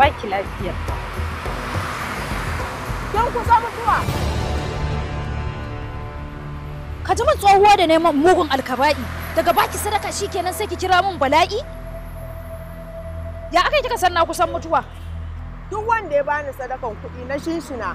baki lafiya. Don ku za mutuwa. Ka ji min tsohuwa da neman mugun alkaba'i daga baki sadaka shi kenan sai ki kira min bala'i? Ya aka kika san na kusan mutuwa? Duk wanda ya bani sadakan kuɗi na shinshina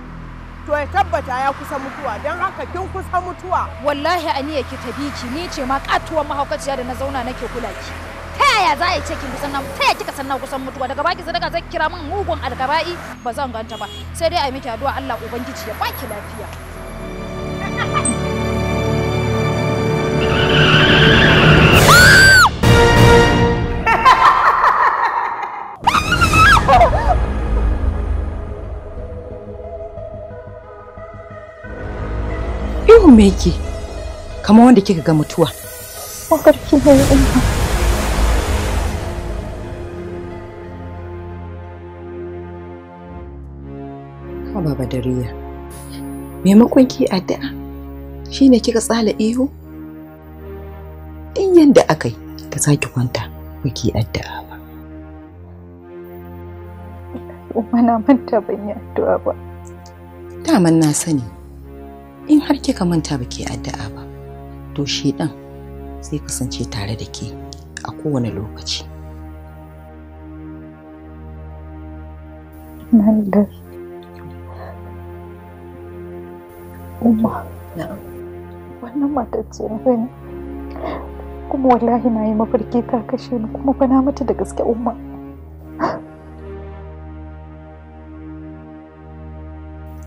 to ya tabbata ya kusa mutuwa don haka kin kusa mutuwa. Wallahi aniya ki ta biki ni ce ma katuwar mahaukaciya da na zauna nake kula ki. Ta yaya za a yi ce kin kusan na ta yaya sannan kusan mutuwa daga baki sadaka zai kira min mugun alkaba'i ba zan ganta ba sai dai a yi miki addu'a Allah ubangiji ya baki lafiya Ihu me yake? kama wanda kika ga mutuwa. Mafarki ne umma. Shamsuriya. Maimakon ki addu'a shine kika tsala ihu? In yanda aka yi ka sake kwanta ba ki addu'a ba. Kuma na manta ban yi addu'a ba. Daman na sani in har kika manta ba ki addu'a ba to shi ɗan zai kasance tare da ke a kowane lokaci. Nan da umma wannan matar gani kuma wallahi na yi mafarki ta kashe ni kuma bana mata da gaske umma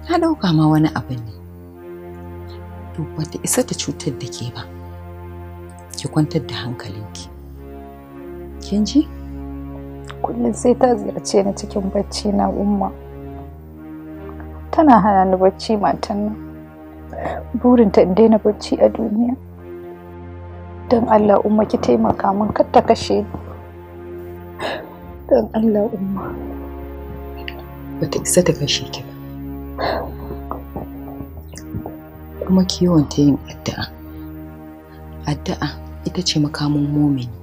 na ɗauka ma wani abu ne to bata isa ta cutar da ke ba ki kwantar da hankalinki kin ji kullum sai ta ziyarce ni cikin bacci na umma tana hana ni bacci matan nan burinta in daina bacci a duniya don allah umma ki taimaka min kar ta kashe ni don allah umma bata isa ta kashe ki ba kuma ki yawan ta yin addu'a addu'a ita ce makamin momini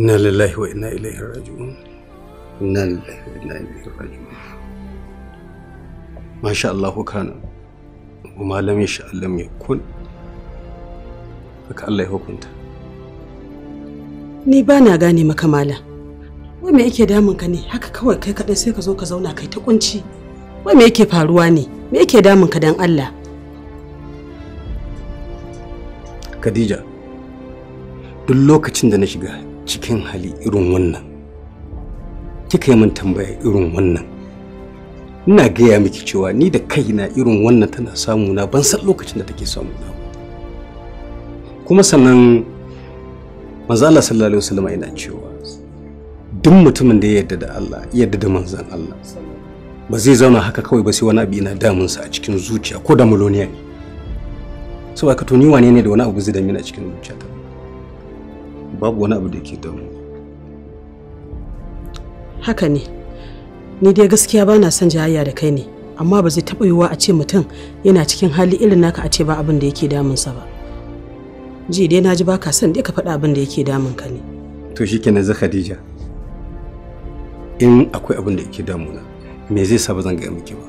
inna lillahi وإنا إليه راجعون إنا inna lillahi إليه راجعون ما شاء masha كان وما لم يشاء لم يكن فك الله Allah ya hukunta ni ba na gane makamala. wai me yake damun ka ne haka kawai kai kaɗai sai ka zo ka zauna kai ta kunci wai me yake faruwa ne me yake damun ka dan Allah Khadija duk lokacin da na shiga cikin hali irin wannan kika yi min tambaya irin wannan ina gaya miki cewa ni da kaina irin wannan tana samu na ban san lokacin da take samu kuma sannan manzo Allah sallallahu alaihi wasallam yana cewa duk mutumin da ya yarda da Allah yarda da manzon Allah ba zai zauna haka kawai ba sai wani abu yana damunsa a cikin zuciya ko da muloniya ne saboda ka to ni wane ne da wani abu zai damina cikin zuciyata babu wani abu da ke damu haka ne ni dai gaskiya ba na son jayayya da kai ne amma ba zai taɓa yiwuwa a ce mutum yana cikin hali irin naka a ce ba abin da yake damunsa ba ji dai na ji ba ka son dai ka faɗa abin da yake damun ka ne to shikenan za khadija in akwai abin da yake damuna me zai sa ba zan gaya miki ba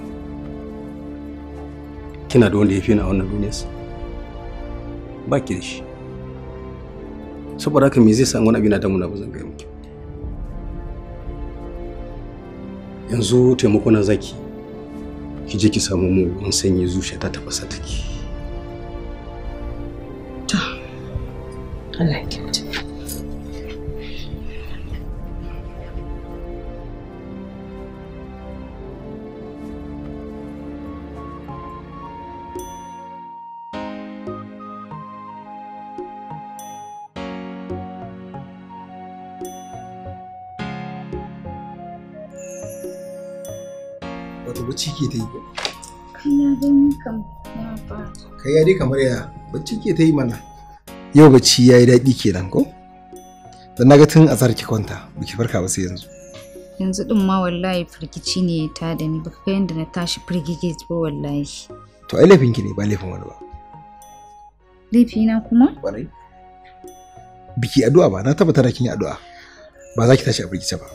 kina da wanda ya fi ni a wannan duniyar ba ki da shi saboda haka me zai sa wani abu da damuna ba zan gaya miki yanzu taimako na zaki ki je ki samu mu mun sanyi zuciya ta tafasa take Allah ya kyauta wato bacci ke ta yi ba kai ya dai kamar ya bacci ke ta yi mana yau bacci ya yi daɗi kenan ko da naga tun a ki kwanta biki farka ba sai yanzu yanzu din ma wallahi firgici ne ya da ni baka kai yadda na tashi firgici ba wallahi to ai laifin ki ne ba laifin wani ba laifina kuma ƙwarai biki addu'a ba na da kin yi addu'a ba za ki tashi a firgici ba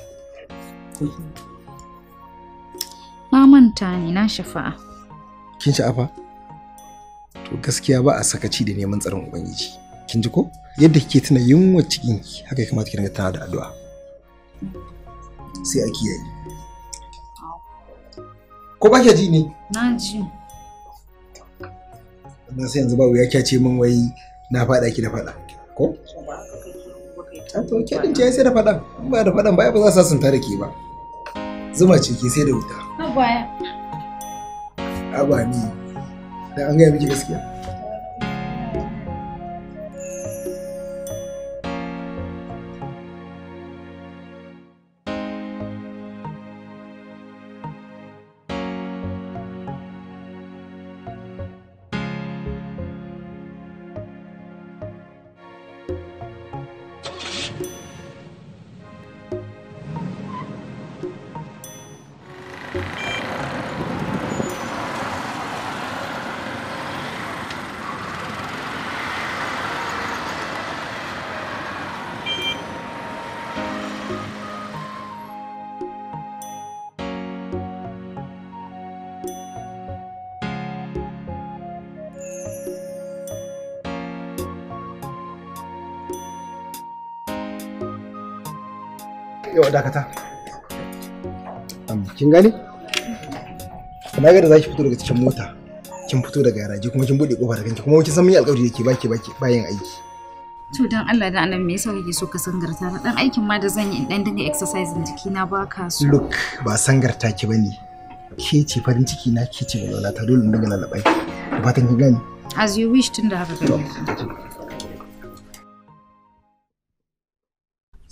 manta ne na shafa'a. Kin sha'afa? To gaskiya ba a sakaci da neman tsaron Ubangiji. Kin ji ko? Yadda kike tuna yunwa cikinki haka ya kamata ki dinga tana da addu'a. Sai a kiyaye. Ko ba ji ne? Na ji. Na sai yanzu ba wuya kya ce min wai na faɗa ki da faɗa. Ko? To ke din ce sai da faɗan. Ba da faɗan ba ba za su sun tare ki ba. Zuma ce ke sai da wuta. kwaya. Aba da an gaya miki gaskiya. dakata kin gane na ga da zaki fito daga cikin mota kin fito daga garaji kuma kin bude kofa da kanki kuma kin san mun alƙawari yake ke baki baki bayan aiki to dan Allah da anan me yasa kake so ka sangarta na dan aikin ma da zan yi dan dinga exercise din jiki na baka so look ba sangarta ki bane ke ce farin ciki na ke ce walwala ta dole in dinga lalabai fatan kin gane as you wish tun da haka kake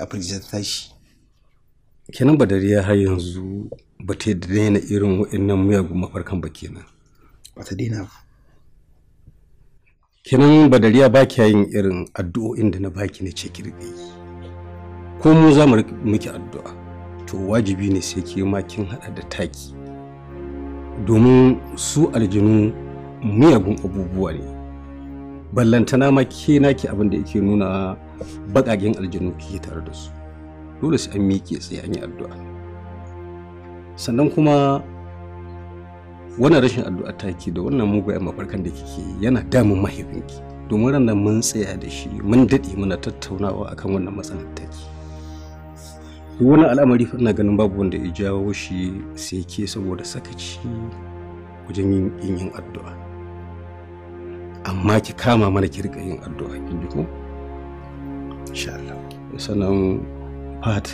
a tashi kenan ba dariya har yanzu ba ta daina irin waannan miyagun mafarkan ba kenan ba ta daina ba kenan ba dariya ba kya yin irin addu'o'in da na baki na ce ki ko mu za mu miki addu'a to wajibi ne sai ke ma kin haɗa da taki domin su aljinu miyagun abubuwa ne ballantana ma ke naki abin da yake nuna bakagen aljanu ke tare da su dole sai an miƙe tsaye an yi addu'a sannan kuma wannan rashin addu'a ta taki da wannan mugaye mafarkan da kike yana damun mahaifinki domin ranar mun tsaya da shi mun daɗe muna tattaunawa akan wannan matsalar ke duk wani al'amari fa ina ganin babu wanda ya jawo shi sai ke saboda sakaci wajen yin addu'a amma ki kama mana ki rika yin addu'a kin ji ko insha Allah sanan fat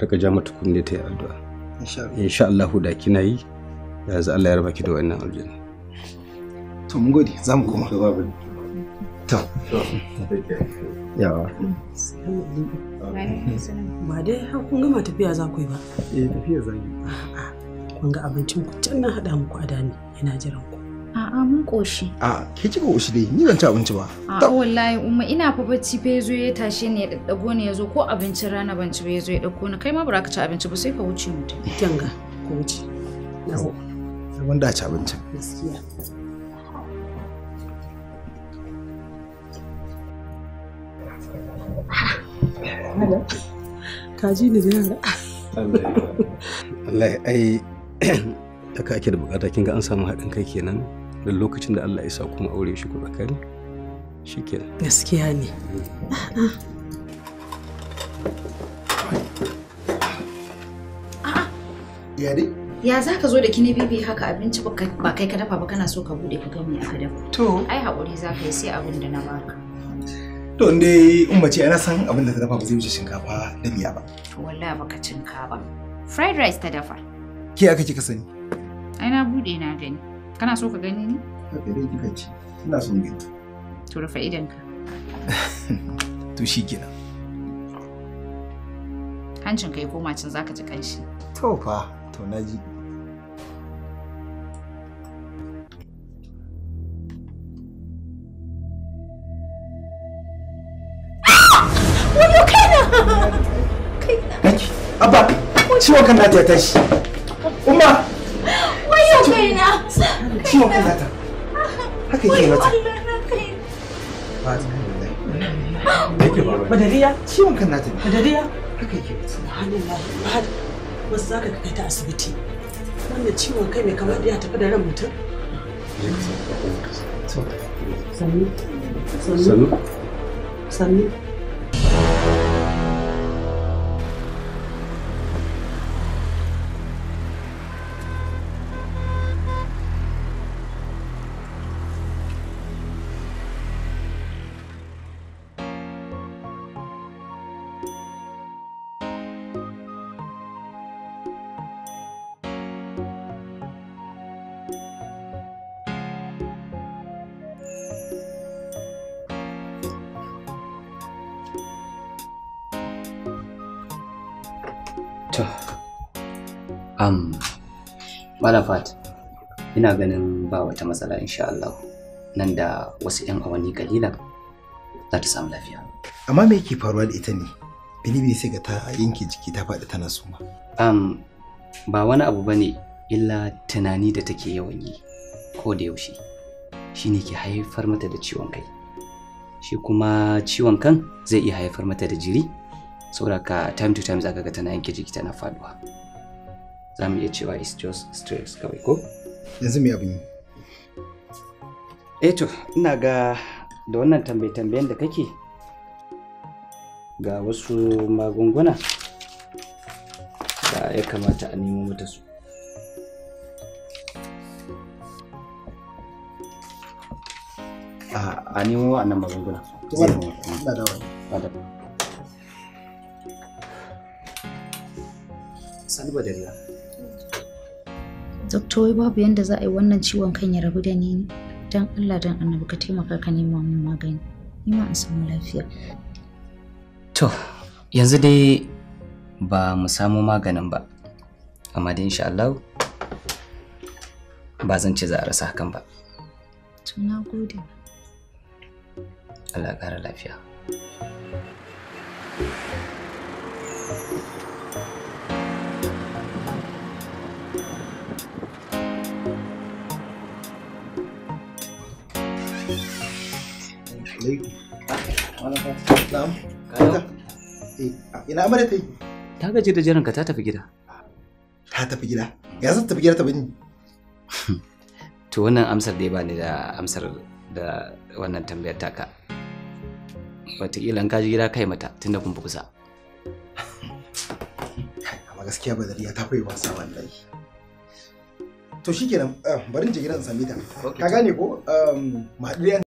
rika ja mata kunne ta yi addu'a insha Allah insha Allah da kina yi yanzu Allah ya raba ki da wannan aljanna to mun gode za mu koma to yawa ba dai har kun gama tafiya za ku yi ba eh tafiya za ku yi kun ga abincin ku can na hada muku adami yana jiran A'a mun koshi. A ke kika koshi dai ni ban ci abinci ba. A wallahi umma ina fa bacci fa yazo ya tashe ni ya daddago ni yazo ko abincin rana ban ci ba yazo ya dauko ni kai ma ba ka ci abinci ba sai ka wuce mu Kyanga ko wuce. Yawo. Wanda ci abinci. Kaji ne da yara. Allah ai da ka ake da bukata kinga an samu haɗin kai kenan. da lokacin da Allah ya sa kuma aure shi ku shi ke gaskiya ne ya dai ya za ka zo da kini bibi haka abinci ba kai ka dafa ba kana so ka bude ka gani aka dafa to ai haƙuri za ka yi sai abin da na baka to in dai in mace ana san abin da ta dafa ba zai wuce shinkafa da miya ba to wallahi baka cinka ba fried rice ta dafa ke aka kika sani ai na bude na gani kana so ka gani ne haka dai kika ce ina son gani to rufe idanka to shi kenan hancin kai koma can zaka ji kanshi to fa to na ji Abba, ciwon kan na ta tashi. Umma! Wayo kaina! ciwon kai nata haka yake mata ba ta kai yake ba ciwon kan nata ne haka yake mata ba wasu ka kai ta asibiti wannan ciwon kai mai kamar ya tafi da ran mutum sannu sannu sannu Malafat, ina ganin ba wata matsala insha Allah nan da wasu 'yan awanni kalila za ta samu lafiya. Amma me yake faruwa da ita ne? Bini sai ga ta yanke jiki ta faɗi tana suma. Um, ba wani abu ba ne illa tunani da take yawan yi ko da yaushe shi ne ke haifar mata da ciwon kai. Shi kuma ciwon kan zai iya haifar mata da jiri, saboda ka time to time za ka ga tana yanke jiki tana faɗuwa. za mu iya cewa is just stress kawai ko yanzu me abin eh to ina ga da wannan tambaye-tambayen da kake ga wasu magunguna da ya kamata a nemo mata su ah, a nemo wa'annan magunguna sani ba da wai babu yanda za a yi wannan ciwon kan ya rabu da ni dan Allah dan annabi ka taimaka ka nema min magani. Ni ma in samu lafiya. To, yanzu dai ba mu samu maganin ba. Amma dai insha Allah ba zan ce za a rasa hakan ba. To, na gode. Allah ƙara lafiya. Ina amara ta yi? Ta gaji da jiranka ta tafi gida. Ta tafi gida? Ya zan tafi gida ta bani? To wannan amsar da ya bani da amsar da wannan tambayar taka. Wataƙila in ka ji gida kai mata tunda kun fi kusa. Amma gaskiya ba Badariya ta koyi wasa wallahi. to kenan eh, bari in je gidan in same ta ka gane ko mu um,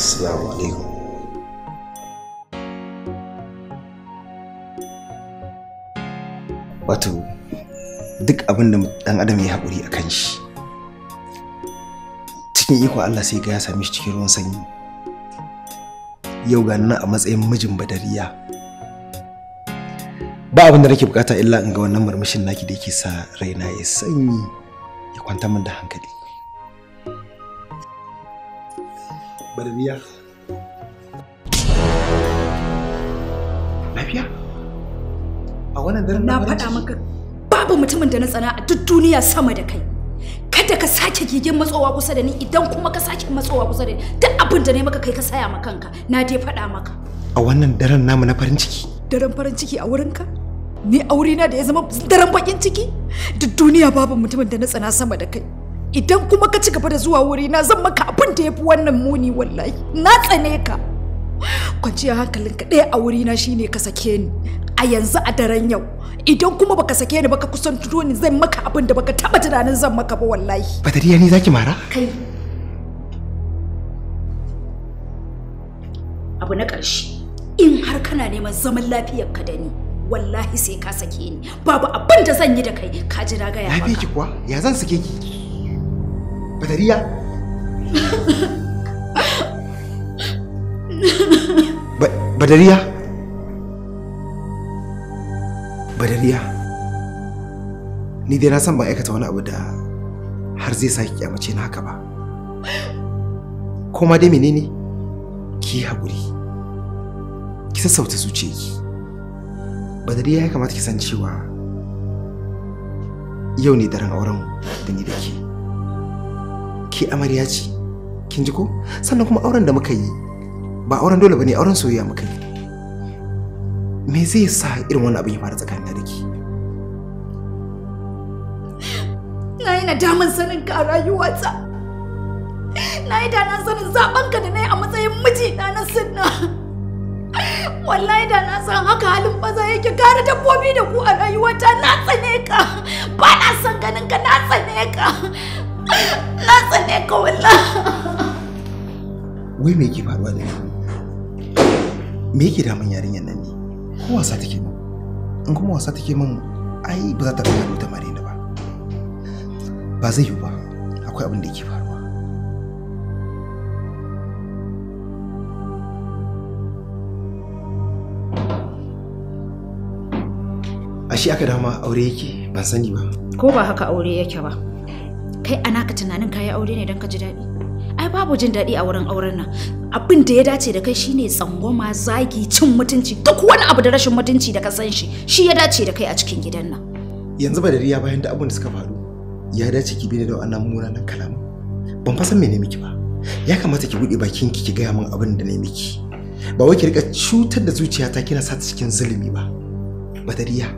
السلام عليكم Wato, duk abin da ɗan adam ya haƙuri a kan shi. Cikin iko Allah sai ga ya same shi cikin ruwan sanyi. Yau ga a matsayin mijin badariya. Ba abin da nake bukata illa in ga wannan marmashin naki da yake sa raina ya sanyi ya kwanta min da hankali. taɓarbiya lafiya a wannan daren na faɗa maka babu mutumin da na tsana a duk duniya sama da kai kada ka sake gigin matsowa kusa da ni idan kuma ka sake matsowa kusa da ni duk abin da ne maka kai ka saya ma kanka na dai faɗa maka a wannan daren namu na farin ciki daren farin ciki a wurinka ni aure na da ya zama daren bakin ciki duk duniya babu mutumin da na tsana sama da kai idan kuma ka ci gaba da zuwa wuri na zan maka abin da ya fi wannan muni wallahi na tsane ka kwanciyar ka ɗaya a wuri na shine ka sake ni a yanzu a daren yau idan kuma baka sake ni baka kusan turo ni zan maka abin da baka taba tunanin zan maka ba wallahi batariya ne zaki mara kai abu na ƙarshe in har kana neman zaman lafiyar ka da ni wallahi sai ka sake ni babu abin da zan yi da kai ka ji na gaya maka lafiyar ki kuwa ya zan sake ki Badariya? Badariya? Badariya? Ni dai na san ban aikata wani abu da har zai sake kyamace na haka ba. Koma dai menene? Ki haƙuri. Ki sassauta ki Badariya ya kamata ki san cewa yau ne daren auren da ni da ke amarya ce kin ji ko sannan kuma auren da muka yi ba auren dole bane auren soyayya muka yi me zai sa irin wani abin ya fara tsakanin da ke na yi nadaman sanin ka a rayuwata na yi da na sanin zaben ka da na yi a matsayin miji na na sunna wallahi da na san haka halin baza yake kare dabbobi da ku a rayuwata na tsane ka ba na son ganin ka na tsane ka na tsane ka wallah wai me yake faruwa da ni me yake damun yarinyar nan ne ko wasa take min in kuma wasa take min ai ba za ta rinka ta mare ni ba ba zai yiwu ba akwai abin da yake faruwa ashe aka dama aure yake ban sani ba ko ba haka aure yake ba kai a naka tunanin kayi aure ne don ka ji daɗi ai babu jin daɗi a wurin auren nan abin da ya dace da kai shine tsangwama zagi cin mutunci duk wani abu da rashin mutunci da ka san shi shi ya dace da kai a cikin gidan nan yanzu ba da riya bayan da abin da suka faru ya dace ki bi da wannan munanan kalama. ban fasan san me miki ba ya kamata ki buɗe bakin ki ki gaya min abin da ne miki ba wai ki rika cutar da zuciyata kina sa ta cikin zulumi ba badariya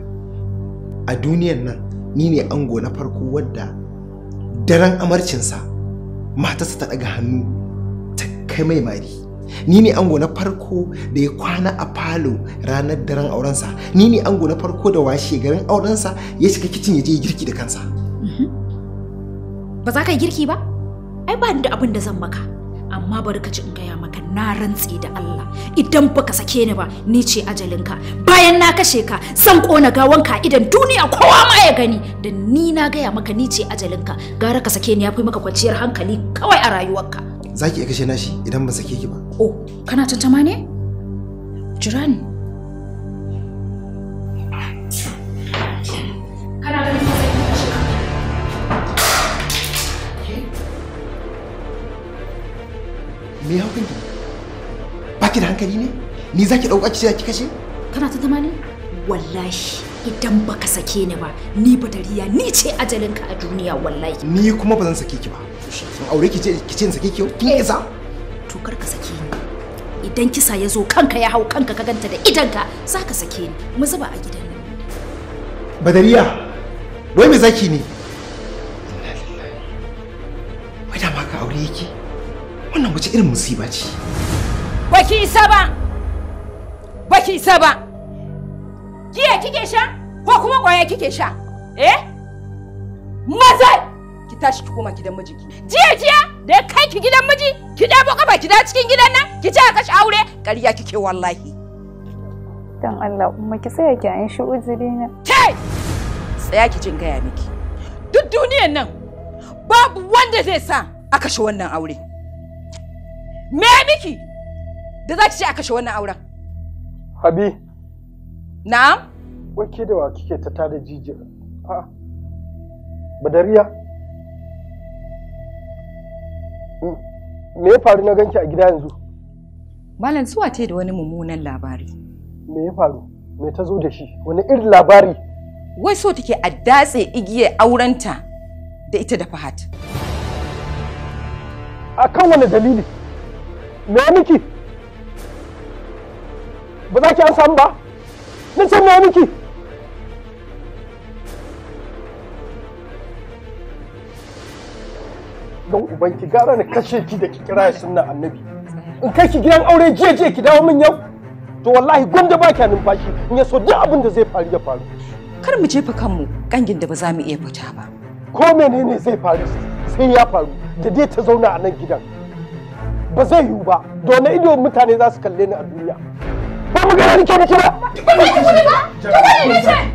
a duniyar nan ni ne ango na farko wadda daren amarcinsa matarsa ta daga hannu ta kai mai mari ni ne ango na farko da ya kwana a falo ranar daren aurensa ni ne ango na farko da washe garin aurensa ya shiga kicin ya je girki da kansa mhm. ba za ka yi girki ba ai ba ni da abin da zan maka amma bari ka ci in gaya maka na rantse da Allah idan baka sake ni ba ni ce ajalinka bayan na kashe ka zan kona gawanka idan duniya kowa ma ya gani da ni na gaya maka ni ce ajalinka gara ka sake ni ya fi maka kwanciyar hankali kawai a rayuwarka zaki iya kashe nashi idan ba sake ki ba oh kana tantama ne jira ni me ya hukunki ba ki da hankali ne ni za ki ɗauka ki ki kashe kana ta zama ne wallahi idan baka sake ni ba ni badariya ni ce ajalinka a duniya wallahi ni kuma ba zan sake ki ba sun aure ki ce ki ce sake ki kin eh. isa to kar ka sake ni idan kisa ya zo kanka ya hau kanka ka ganta da idanka za ka sake ni mu zuba a gidan nan badariya wai me zaki ne wannan wace irin musiba ce baki isa ba baki isa ba giya kike sha ko kuma kwaya kike sha eh maza ki tashi ki koma gidan miji jiya jiya da kai ki gidan miji ki dabo kafa ki da cikin gidan nan ki ce a shi aure ƙarya kike wallahi dan Allah umma ki tsaya ki an shi uzuri na kai tsaya ki jin gaya miki duk duniyan nan babu wanda zai sa a kashe wannan aure Me miki? Da za ki ce a kashe wannan auren. Habi. Na'am? Wai ke da wa kike ta tada jijiyar? A'a. Badariya. Mm. Me ya faru na ganki a gida yanzu? Malam suwa ta da wani mummunan labari. Me ya faru? Me ta zo da shi? Wani irin labari? Wai so take a datse igiyar aurenta da ita da Fahad. A kan wani dalili? me miki ba za ki an samu ba na ce me miki don ki gara na kashe ki da ki kira sunna annabi in kai ki gidan aure jiya jiya ki dawo min yau to wallahi gwanda ba kya numfashi in ya so duk abin da zai faru ya faru kar mu jefa kanmu kangin da ba za mu iya fita ba ko menene zai faru sai ya faru da dai ta zauna a nan gidan ba zai yiwu ba dole ido mutane za su kalle ni a duniya ba mu gana nake nake ba ba za ki ba ki ne na ce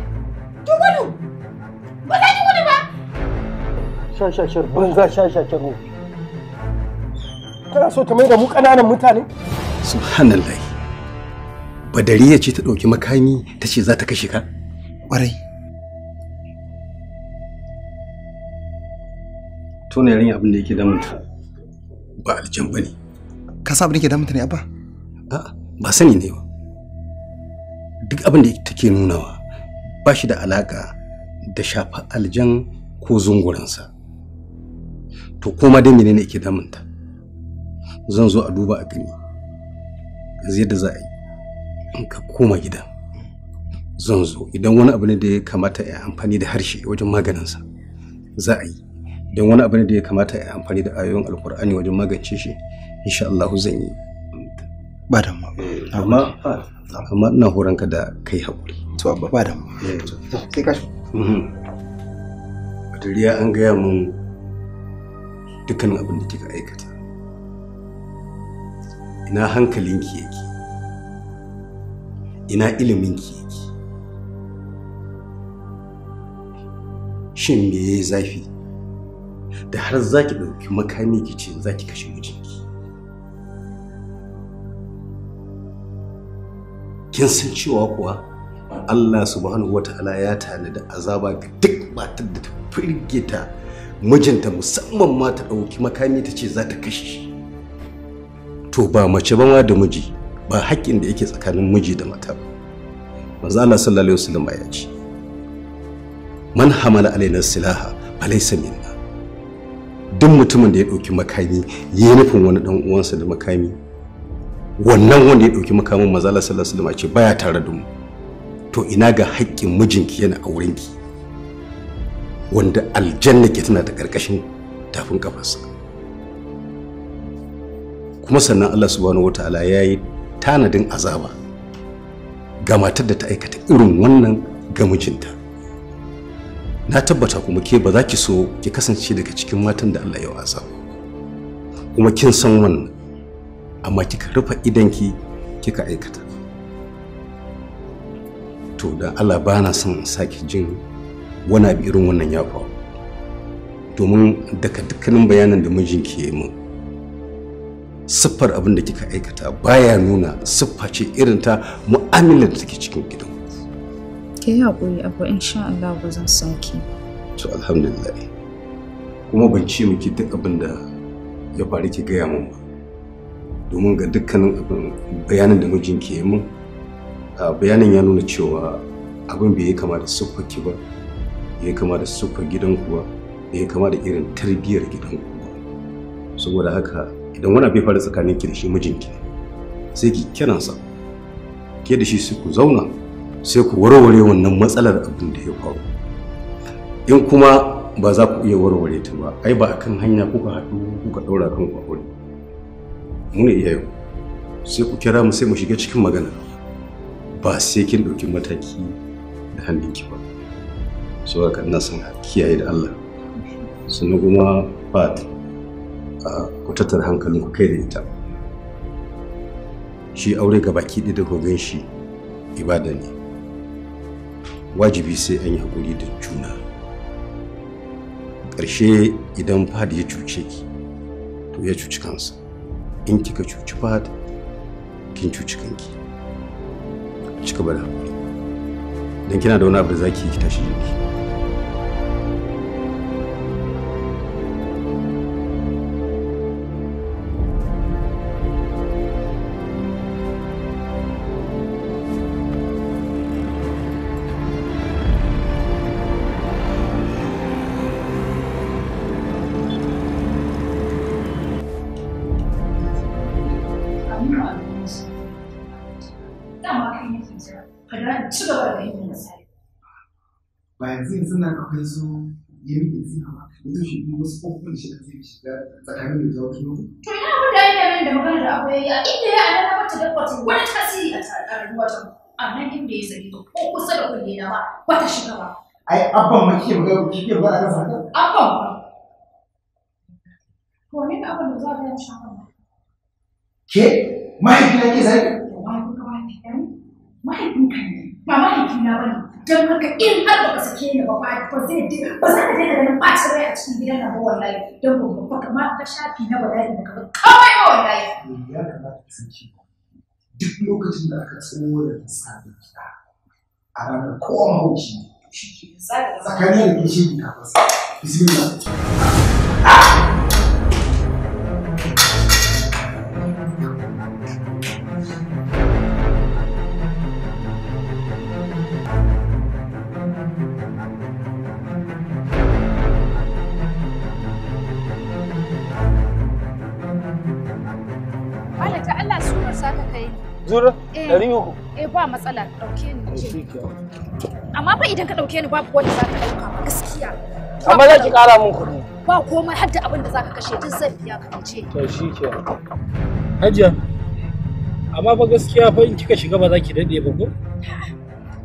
gudu ba za ki gudu ba shashashar banza shashashar mu kana so ta mai da mu ƙananan mutane subhanallahi ya ce ta ɗauki makami ta ce za ta kashe ka ƙwarai tona yarinya abin da yake damunta ba aljan ba ne ka sa abin da ke damunta ne abba a'a ba sani ne ba duk abin da take nunawa ba shi da alaka da shafa aljan ko zunguransa to koma dai menene ke damunta zan zo a duba a gani yanzu yadda za a yi in ka koma gida zan zo idan wani abu ne da ya kamata a amfani da harshe wajen maganinsa za a yi idan wani abu ne da ya kamata a amfani da ayoyin alkur'ani wajen magance shi insha Allah zan yi ba da eh, amma amma ina ka da kai haƙuri to ba ba da eh, sai ka mhm. duriya an gaya mun dukkan abin da kika aikata ina hankalinki yake ina iliminki yake shin me yayi zafi da har zaki ɗauki makami ki ce zaki kashe mijin kin san cewa kuwa Allah subhanahu wata'ala ya tanada azaba ga duk matar da ta firgita mijinta musamman ma ta ɗauki makami ta ce za ta kashe to ba mace ba ma da miji ba haƙƙin da yake tsakanin miji da mata ba manzo Allah sallallahu alaihi wasallam ya ce man hamala alaina silaha falaysa minna duk mutumin da ya ɗauki makami ya nufin wani dan uwansa da makami wannan wanda ya ɗauki makamin mazala sallallahu alaihi wasallam baya tare da mu to ina ga haƙƙin mijinki yana a wurinki wanda aljanna ke tana da ƙarƙashin tafin kafarsa kuma sannan Allah subhanahu wataala ya yi tanadin azaba ga matar da ta aikata irin wannan ga mijinta na tabbata kuma ke ba za ki so ki kasance daga cikin matan da Allah ya azaba kuma kin san wannan amma kika rufe idanki kika aikata to da allah ba na son sake jin wani abu irin wannan ya faru domin daga dukkanin bayanan da mijinki ya yi min siffar abin da kika aikata baya nuna siffa ce irin ta mu'amalar da take cikin gidan ke yi haƙuri abu insha Allah ba zan sauki to alhamdulillah kuma ban ce miki duk abin da ya faru ki gaya min ba domin ga dukkanin abin bayanin da mijin ke yi min bayanin ya nuna cewa abin bai yi kama da siffar ki ba ya kama da siffar gidan bai ya kama da irin tarbiyyar gidan ba saboda haka idan wani bai faru tsakanin ki da shi ki sai ki kiransa ke da shi sai ku zauna sai ku warware wannan matsalar abin da ya faru in kuma ba za ku iya warware ta ba ai ba akan hanya kuka haɗu kuka ɗaura kanku wuri mu ne iyayen sai ku kira mu sai mu shiga cikin magana ba sai kin ɗauki mataki da hannunki ba so haka ina son kiyaye da Allah sannan kuma ba ku tattara hankalin ku kai da ita shi aure ga baki ɗaya da kogon shi ibada ne wajibi sai an yi hakuri da juna ƙarshe idan fadi ya cuce ki to ya cuci kansa in kika cuci fat kin cuci kanki ci gaba da don kina da wani abu da zaki yi ki tashi jiki waɗansu yanayi da zai hama yanzu shi kuma wasu ƙofofin shi da zai shiga tsakanin da zuwa kuma. To ina abin da ake min da da akwai a inda ya alama mata dabbata wani tasiri a tsarin watan a nan inda ya sake ko kusa da kulle na ba ba ta shiga abban ma kike magana kike ba a kan haka? Abban ba. shafa Ke ke ka ne ba don haka in har ka sake ni ba ba zai ji ba za ka daina ganin ɓacin rai a cikin gidan nan ba wallahi don ba ba kama ta shafi na wallahi ba kama kawai ba wallahi. Eh, ya kamata ka san cewa duk lokacin da aka tsoro da sabon gida a ranar kowa mahauci ne. tsakanin da ke shi ne kafin bismillah. Jura? Eh, ɗari uku. Eh ba matsala ɗauke ni. Amma fa idan ka ɗauke ni babu wanda za ka ɗauka gaskiya. Amma za ki ƙara min kuɗi. Ba komai har da abin da za ka kashe duk zan biya ka ce. To shi ke. Hajiya. Amma fa gaskiya fa in kika shiga ba za ki daɗe ba ko?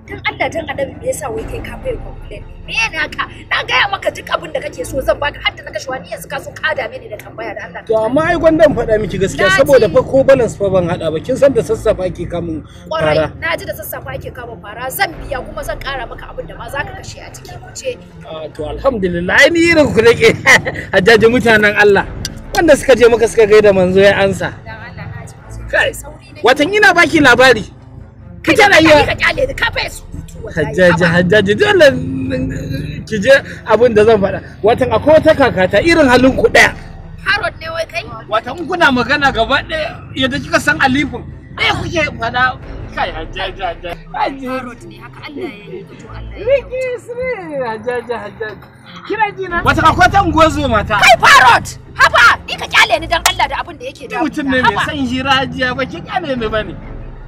dan Allah dan Adam me yasa wai kai ka fayi complain me ne haka na gaya maka duk abin da kake so zan baka hadda na kashe wani yanzu ka so ka dame ni da tambaya da Allah to amma ai gwandan faɗa miki gaskiya saboda fa ko balance fa ban hada ba kin san da sassafa ake kamun fara na ji da sassafa ake kamun fara zan biya kuma zan kara maka abin da ma zaka kashe a ciki kuce to alhamdulillah ni ne ku rike hajjaji mutanen Allah wanda suka je maka suka gaida manzo ya ansa dan Allah na ji kai watan ina baki labari Ka ka ni kajariya hajjaji hajjaji dole ki je abin da zan faɗa watan akwai wata kakata irin halin ku ɗaya harod ne wai kai watan kuna magana gaba ɗaya yadda kika san alifin ɗaya kuke faɗa kai hajjaji hajjaji harod ne haka Allah ya yi fito Allah ya yi hajjaji hajjaji kina ji wata akwai ta ungozo mata kai farod haba ni ka kyale ni don Allah da abin da yake da mutum ne mai son hira hajiya ba ki kyale ni ne.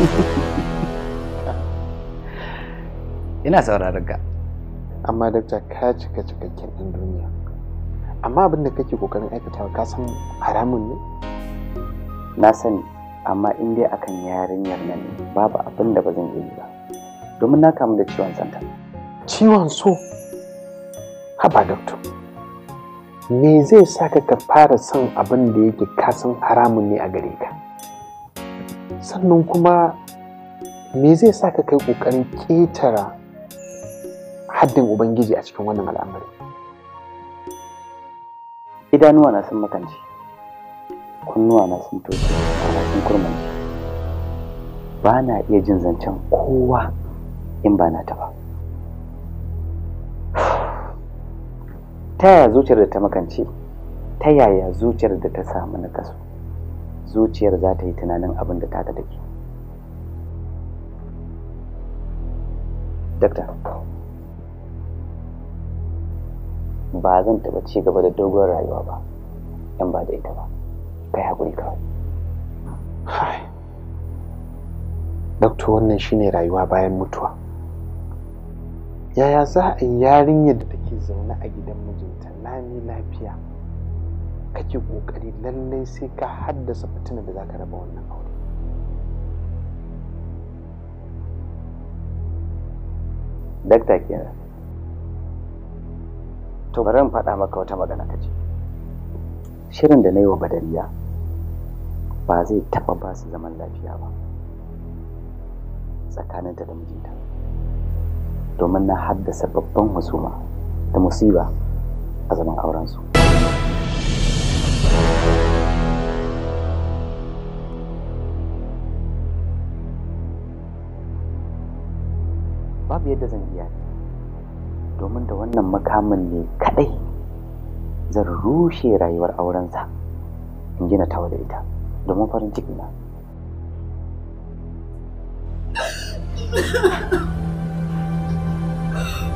ina sauraron ka amma dakta ka cika cikakken ɗan duniya amma abin da kake kokarin aikata ka san haramun ne na sani amma in dai akan yarinyar nan babu abin da ba zan yi ba domin na kamu da ciwon santa ciwon so haba me zai saka ka fara son abin da yake kasan haramun ne a gare ka sannan kuma me zai sa ka kai ƙoƙarin ƙetara haddin ubangiji a cikin wannan al'amari idanuwa na sun makanci kunnuwa na sun toshe kuma sun kurmanci ba na iya jin zancen kowa in ba na ta ba ta yaya zuciyar da ta makance ta yaya zuciyar da ta samu na kasu zuciyar za ta yi tunanin abin da ta take dakta ba zan taɓa ci gaba da dogon rayuwa ba yan ba da ita ba kai haƙuri kawai dokta wannan shine rayuwa bayan mutuwa yaya za a yi yarinyar da take zaune a gidan mijinta lami lafiya kake kokari lallai sai ka haddasa fitinar da za ka raba wannan aure dakta kenan to bari in faɗa maka wata magana ka ce shirin da na yi wa badariya ba zai taɓa ba su zaman lafiya ba tsakaninta da mijinta domin na haddasa babban husuma da musiba a zaman aurensu babu yadda zan iya domin da wannan makamin ne kadai zan rushe rayuwar aurensa in gina tawa da ita domin farin ciki na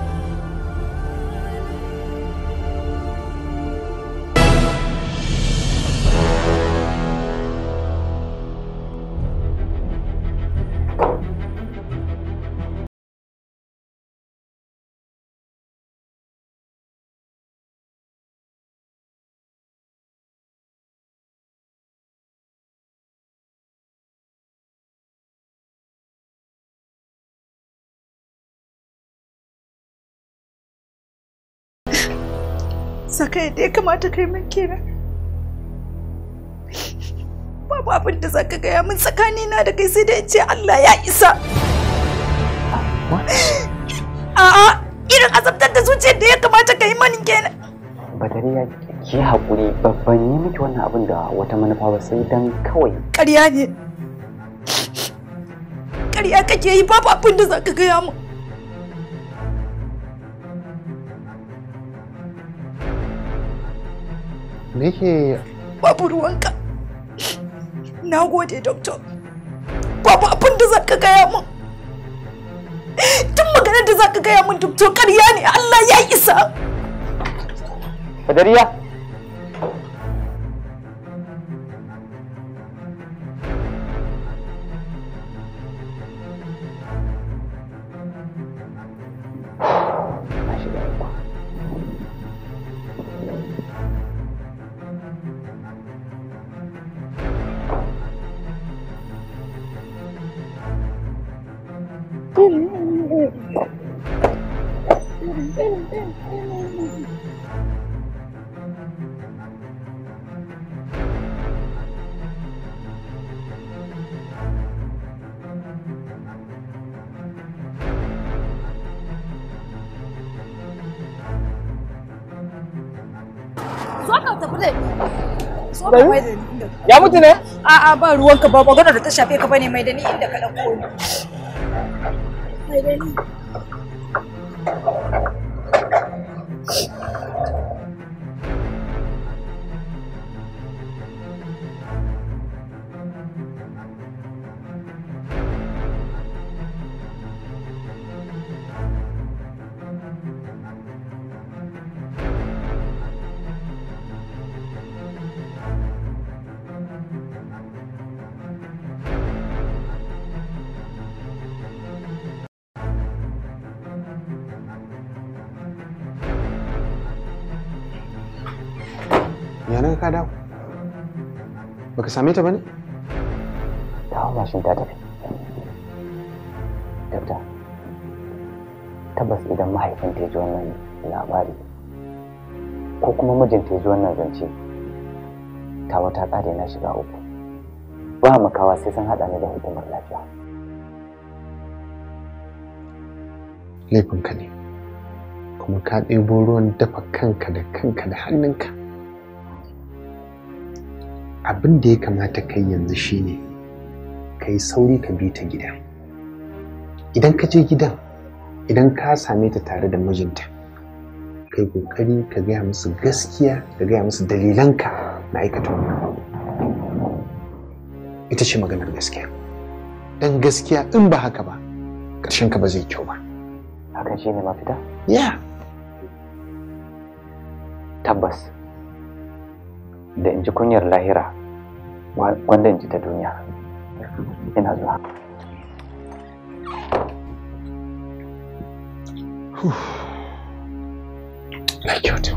saka yadda ya kamata kai min kenan babu abin da zaka gaya min tsakanina da kai sai dai ce Allah ya isa a'a irin azabtar da zuciyar da ya kamata ka yi kenan badari ya ki hakuri. babban yi miki wannan abin da wata manufa ba sai dan kawai ƙarya ne ƙarya kake yi babu abin da zaka gaya min nake babu ruwanka na gode doctor babu abin da zaka gaya min tun maganar da zaka gaya min doctor ƙarya ne Allah ya isa Kadariya Ya mutu ne? A'a ba ruwan ka ba magana da ta shafe ka bane mai da ni inda ka dauko ni. Mai da ni. Baka same ta bane? Ta hau mashin ta tafi. Dabda, tabbas idan mahaifin ta ji wannan labari ko kuma mijin ta ji wannan zance ta wata ƙare na shiga uku. Ba makawa sai sun haɗa ni da hukumar lafiya. Laifinka ne, kuma ka ɗebo ruwan dafa kanka da kanka da hannunka. abin da ya kamata kai yanzu shine ka yi sauri ka bi ta gida idan ka je gidan idan ka same ta tare da mijinta ka yi kokari ka gaya musu gaskiya ka gaya musu dalilanka na aikata wannan abu ita ce maganar gaskiya dan gaskiya in ba haka ba ka ba zai kyau ba hakan shine mafita ya tabbas da in ji kunyar lahira wanda in ji ta duniya ina zuwa Thank you.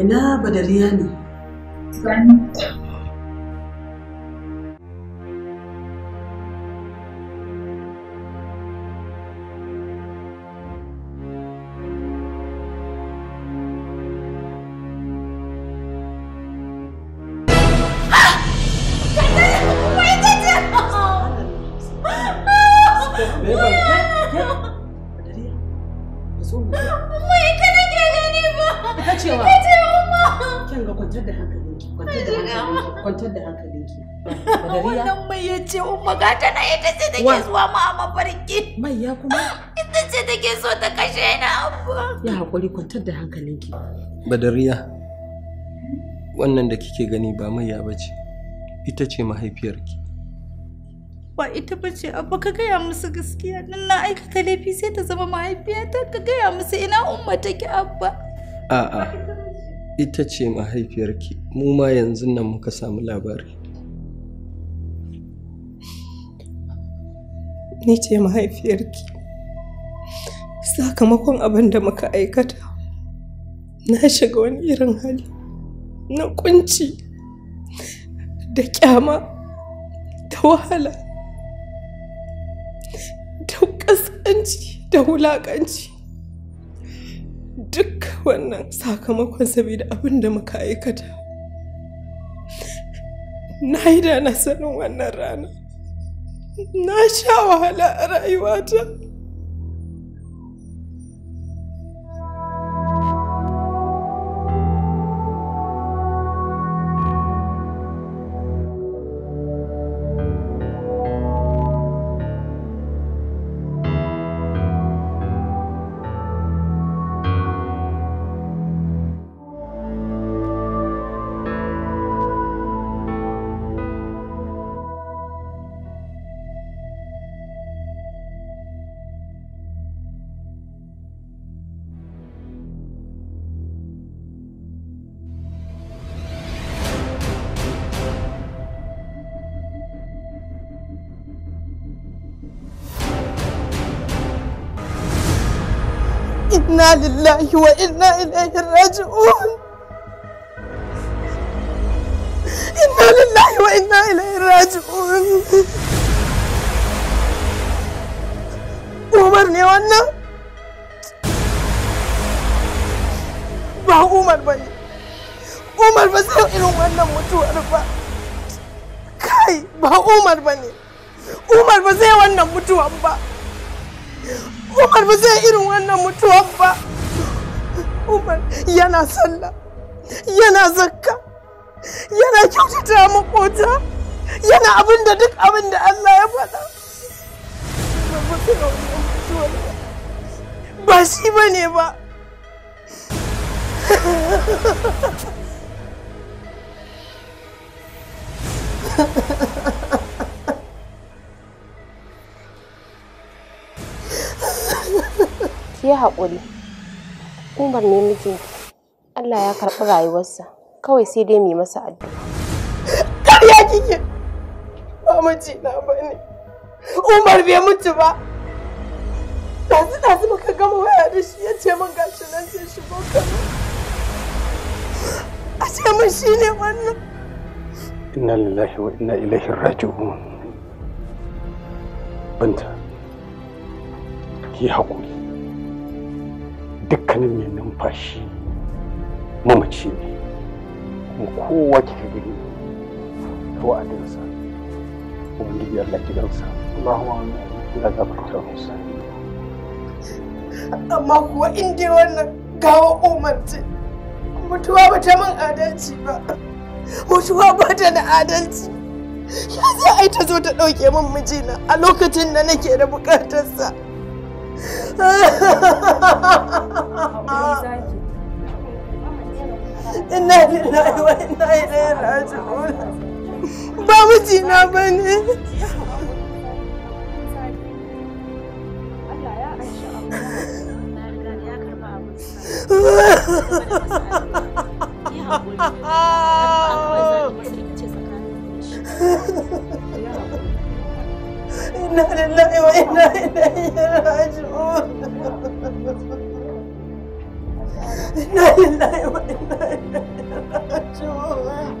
ina badariya ne haƙuri kwantar da hankalinki badariya wannan da kike gani ba mai ba ce ita ce mahaifiyarki ba ita ba ce abba ka gaya musu gaskiya nan na aikata laifi sai ta zama mahaifiyata ka gaya musu ina umma take abba a'a ita ce mahaifiyarki mu ma yanzu nan muka samu labari ni ce mahaifiyarki sakamakon abin da muka aikata na shiga wani irin hali na kunci da kyama da wahala da kasanci da wulakanci duk wannan sakamakon saboda abin da muka aikata na yi da na sanin wannan rana na sha wahala a rayuwata inna lillahi wa inna ilaihi raji'un inna lillahi wa inna ilaihi raji'un Umar ne wannan ba Umar bane Umar ba sai irin wannan mutuwar ba kai ba Umar bane Umar ba sai wannan mutuwar ba Umar ba zai irin wannan mutuwar ba. Umar yana sallah, yana zakka, yana kyautata makota, yana abin da duk abin da Allah ya faɗa. Ba shi ba ne ba. Ha ha ha ha. ki yi haƙuri umar ne miji allah ya karɓi rayuwarsa kawai sai dai mai masa addu'a ya kike ba mijina ba ne umar bai mutu ba ɗazu ɗazu muka gama waya da shi ya ce min gashi nan zai shigo kano a ce min shi ne wannan inna lillahi wa inna ilaihi raji'un banta ki haƙuri dukkanin mai numfashi mamaci ne kuma kowa ke gani da wa'adinsa ubangiji allah gidansa allahumma allah gafarta musa amma kuwa inda wannan gawa umarci mutuwa ba ta min adalci ba mutuwa ba ta da adalci ya za a yi ta zo ta ɗauke min mijina a lokacin da nake da bukatarsa. Ina lillahi wa ina ilaihi Ba mijina bane. Ya إنا لله وإنا إليه راجعون إنا لله وإنا إليه راجعون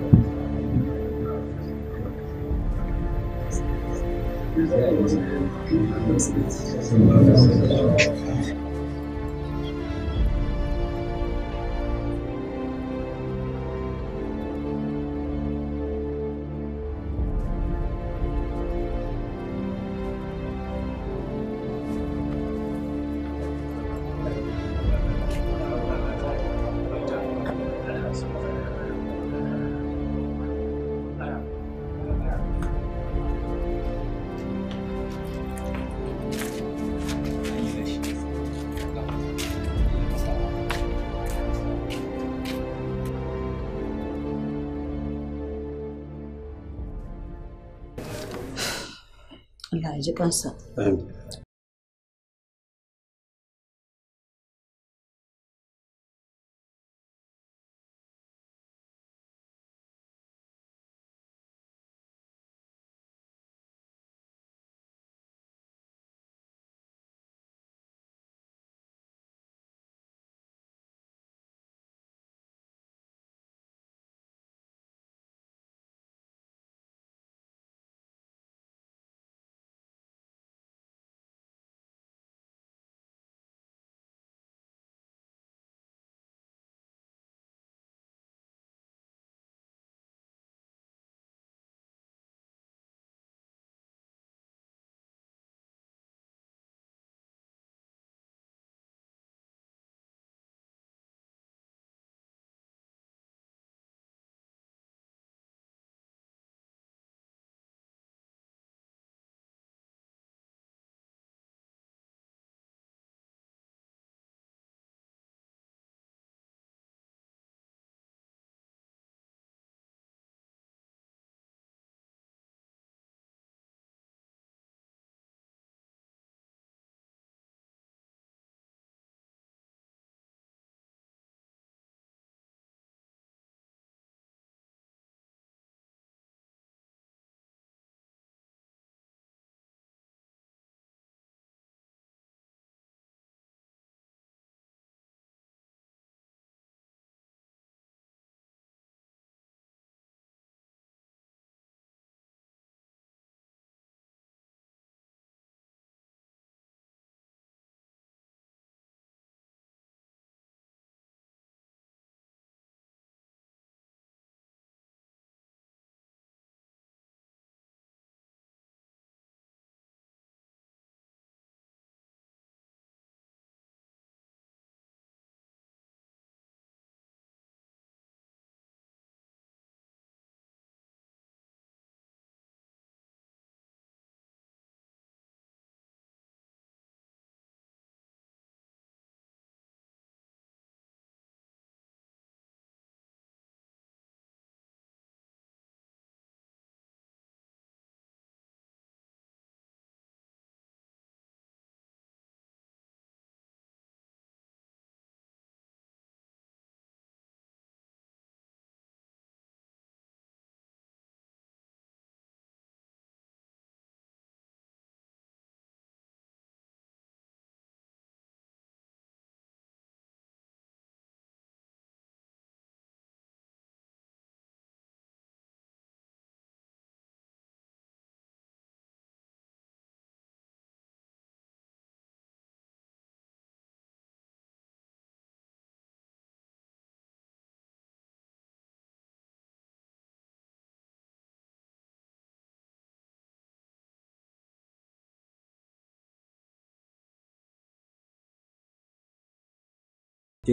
ありますね。ji kansa. Amin.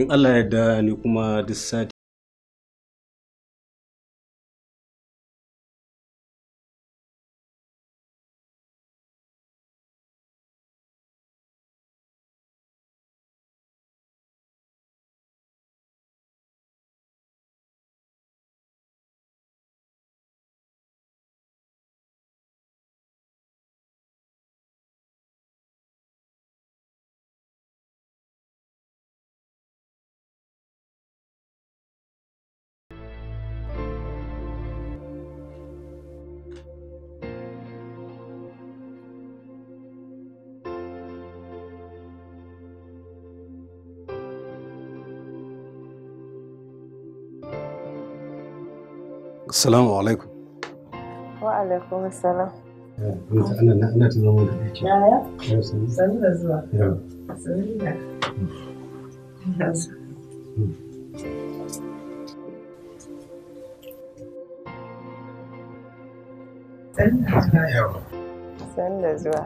in allah ya da ni kuma duk sati Assalamu alaikum. Wa alaikum assalam. Ana na ana ta zama da aiki. Yaya? Sani da zuwa. Sani da. Sani da zuwa.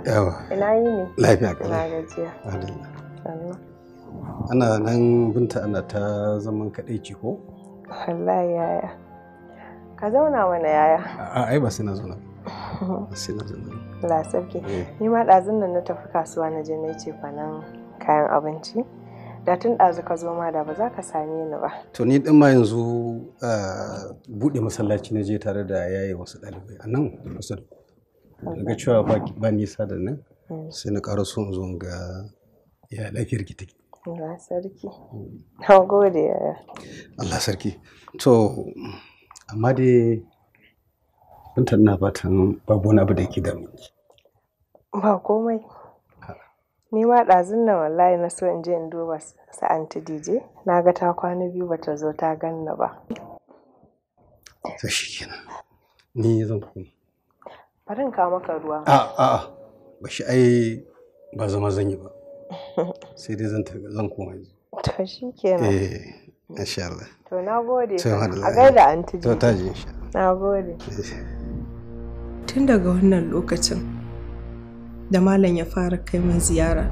Ina yi ne? Lafiya Na gajiya. Alhamdulillah. Ana nan binta ana ta zaman kaɗaici ko? Wallahi yaya. ka zauna mana yaya a ai ba sai na zauna sai na zauna la sauke eh. ni ma ɗazun nan na tafi kasuwa na je na ce fanan kayan abinci da tun ɗazu ka zo ma da ba za ka same ni ba to ni ɗin ma yanzu buɗe masallaci na je tare da yaye wasu ɗalibai a nan kusa ga cewa ba nisa da nan mm. sai na ƙara son zo ga ya lafiyar ki take Allah sarki. Mm. Na gode. Allah sarki. To, amma dai binta na fatan babu wani abu da ke damu ba komai ni ma ɗazun nan wallahi na so in je in duba anti dj na ga ta kwana biyu ba ta zo ta ganna ba to shi kenan ni zan kuma bari in kawo maka ruwa a a a ba shi ai ba zama zan yi ba sai dai zan koma yanzu to shi kenan eh insha Allah to na gode a gaida anti to tun daga wannan lokacin da malam ya fara kai min ziyara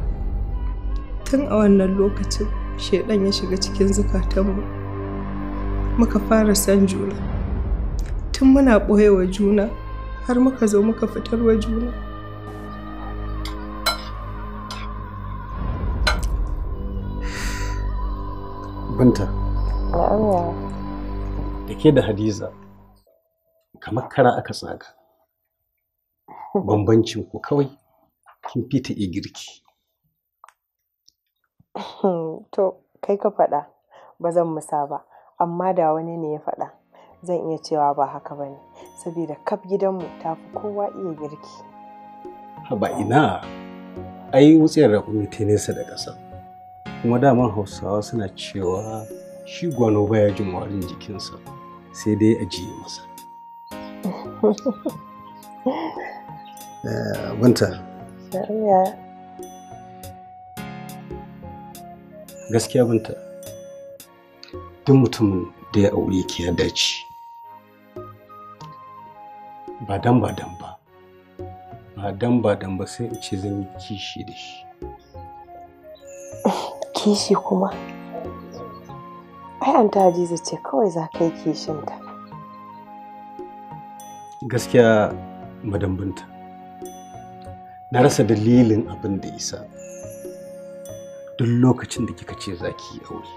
tun a wannan lokacin shaidan ya shiga cikin zukatanmu muka fara san juna tun muna ɓoyewa juna har muka zo muka fitar wa juna binta Da ke da Hadiza, kamar kara aka tsaga. Bambancin ku kawai kin fita iya girki. To, kai ka faɗa, ba zan musa ba, amma da wani ne ya faɗa. Zan iya cewa ba haka ba ne, saboda kaf gidanmu ta fi kowa iya girki. Ba ina, ai wutsiyar raƙumi ta nesa da ƙasa. Kuma daman Hausawa suna cewa shi gwano baya jin warin jikinsa sai dai ajiye masa eh, Binta. Gaskiya Binta, duk mutumin da ya aure ki ya dace. Ba dan ba dan ba, ba dan ba dan ba sai in ce zan yi kishi da shi. Kishi kuma. ayan ta Hadiza ce kawai za ka yi kishinta gaskiya madam na rasa dalilin abin da isa duk lokacin da kika ce za ki yi aure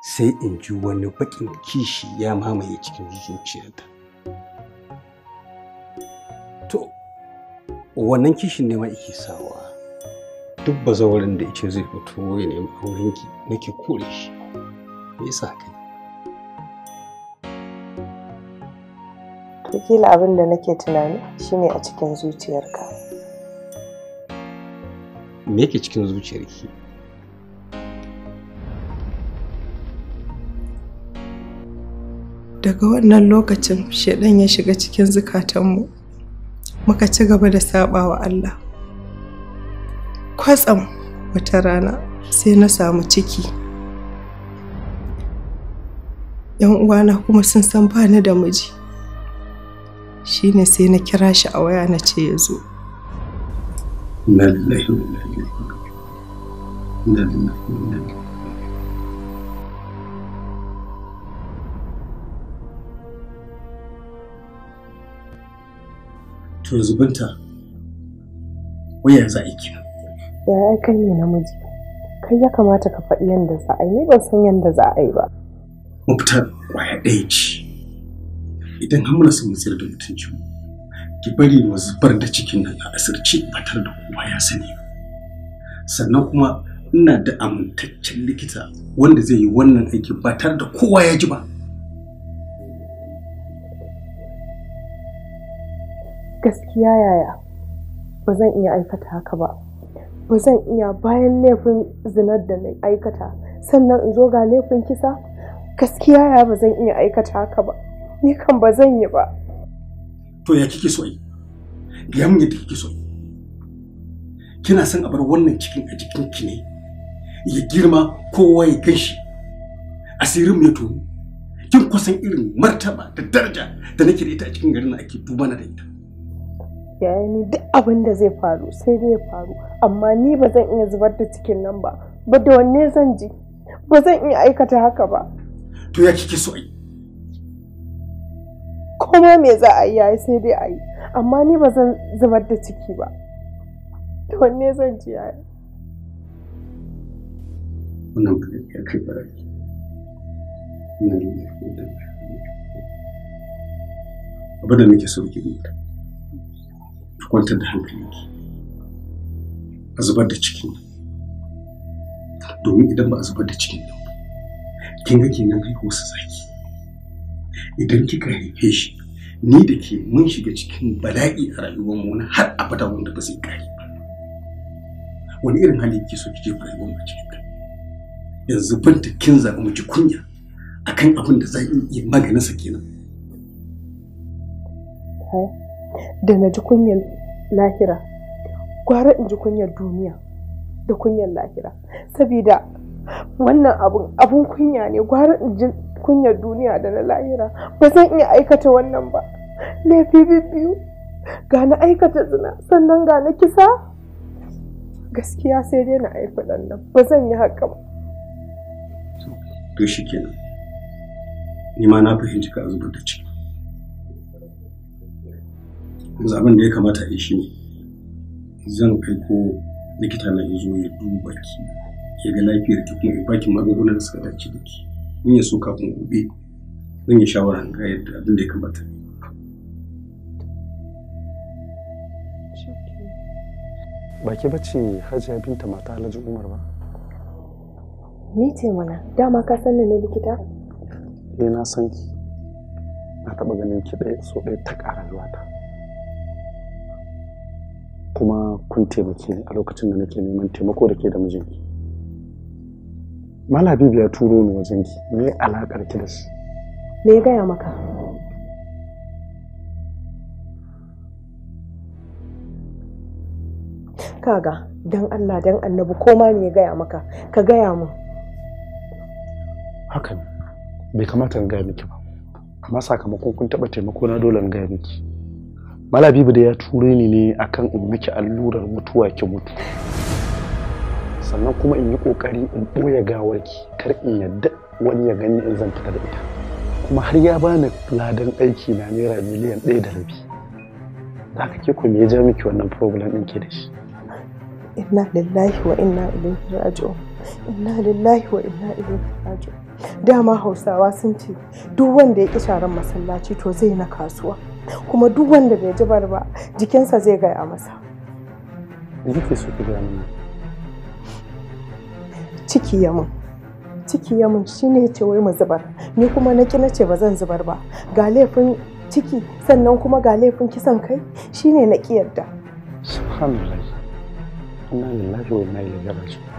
sai in ji wani bakin kishi ya mamaye cikin zuciyarta to wannan kishin ne ma ike sawa duk bazawarin da ice zai fito ya nemi aurenki nake kore shi me kai haka kila abin da nake tunani shine a cikin zuciyarka me yake cikin zuciyarki daga wannan lokacin shaidan ya shiga cikin zukatanmu muka ci gaba da saɓawa Allah kwatsam wata rana sai na samu ciki 'yan uwana kuma sun san ba ni da miji shine sai na kira shi a waya na ce ya zo to zubinta waya za a yi ya kai ne namiji kai ya kamata ka faɗi yadda za a yi ban san yadda za a yi ba mafita kwaya ɗaya ce idan har muna son mu tsira da mutunci mu ki bari mu zubar da cikin nan a asirce ba tare da kowa ya sani ba sannan kuma ina da amintaccen likita wanda zai yi wannan aikin ba tare da kowa ya ji ba gaskiya yaya ba zan iya aikata haka ba ba zan iya bayan laifin zinar da na aikata sannan in zo ga laifin kisa gaskiya ya ba zan iya aikata haka ba ni kan ba zan yi ba to ya kike so yi ya mun yadda kike so yi kina son a bar wannan cikin a jikin ki ne ya girma kowa ya gan shi asirin ya to kin kusan irin martaba da daraja da nake da ita a cikin garin na ake duba na da ita yayi ni duk abin da zai faru sai dai ya faru amma ni ba zan iya zubar da cikin nan ba ba da wanne zan ji ba zan iya aikata haka ba to ya kike so yi kuma me za a yi yayi sai dai a yi amma ni ba zan zubar da ciki ba to wanne zan ji yayi wannan ya kai baraki abin da nake so ki rubuta ki kwantar da hankalinki a zubar da cikin domin idan ba a zubar da cikin nan kin ga kenan su zaki idan kika haife shi ni da ke mun shiga cikin bala'i a rayuwar mu wani har abada wanda ba zai kare ba wani irin hali kike so kike fara rayuwar mace yanzu ban ta kin zaɓi miki kunya akan abin da za yi iya maganin sa kenan da na ji kunyar lahira gwara in ji kunyar duniya da kunyar lahira saboda wannan abun abin kunya ne gwara jin kunya kunyar duniya da na lahira ba zan iya aikata wannan ba laifi biyu ga na aikata zina sannan ga na kisa gaskiya sai dai na aifi nan ba zan yi haka ba to shi kenan ni ma na fahimci ka zubar da ciki yanzu abin da ya kamata a yi shi ne zan aiko likita na ya zo ya duba ki ke ga lafiyar ki kuma ya baki magungunan da suka dace da ki in ya so kafin gobe zan yi shawara ga yadda abin da ya kamata ba ke bace hajiya binta mata alhaji umar ba ni ce mana dama ka san ne likita eh na san ki na taba ganin ki ɗaya so ɗaya ta ƙara ta. kuma kun taimake ni a lokacin da nake neman taimako da ke da mijinki Mala ya turo ni wajen ki, me alakar ki da shi? Me ya gaya maka? Kaga, dan Allah dan annabi koma me ya gaya maka, ka gaya mu. Hakan bai kamata in gaya miki ba, amma sakamakon kun taɓa taimako na dole in gaya miki. Mala da ya turo ni ne akan in miki allurar mutuwa ki mutu. sannan kuma in yi ƙoƙari in ɓoye gawarki kar in yadda wani ya gani in zan fita da ita kuma har ya bani ladan aiki na naira miliyan ɗaya da rabi za ka ke ku me ja miki wannan problem ɗin ke da shi inna lillahi wa inna ilaihi raji'un inna lillahi wa inna ilaihi raji'un dama hausawa sun ce duk wanda ya ƙi sharan masallaci to zai na kasuwa kuma duk wanda bai jibar ba jikinsa zai gaya masa me kike so ki gaya mini ciki ya mun ciki ya mun shine ya ce wai mu zubar ni kuma na ki na ce ba zan zubar ba ga laifin ciki sannan kuma ga laifin kisan kai shine na ki yarda subhanallah inna lillahi wa inna ilaihi raji'un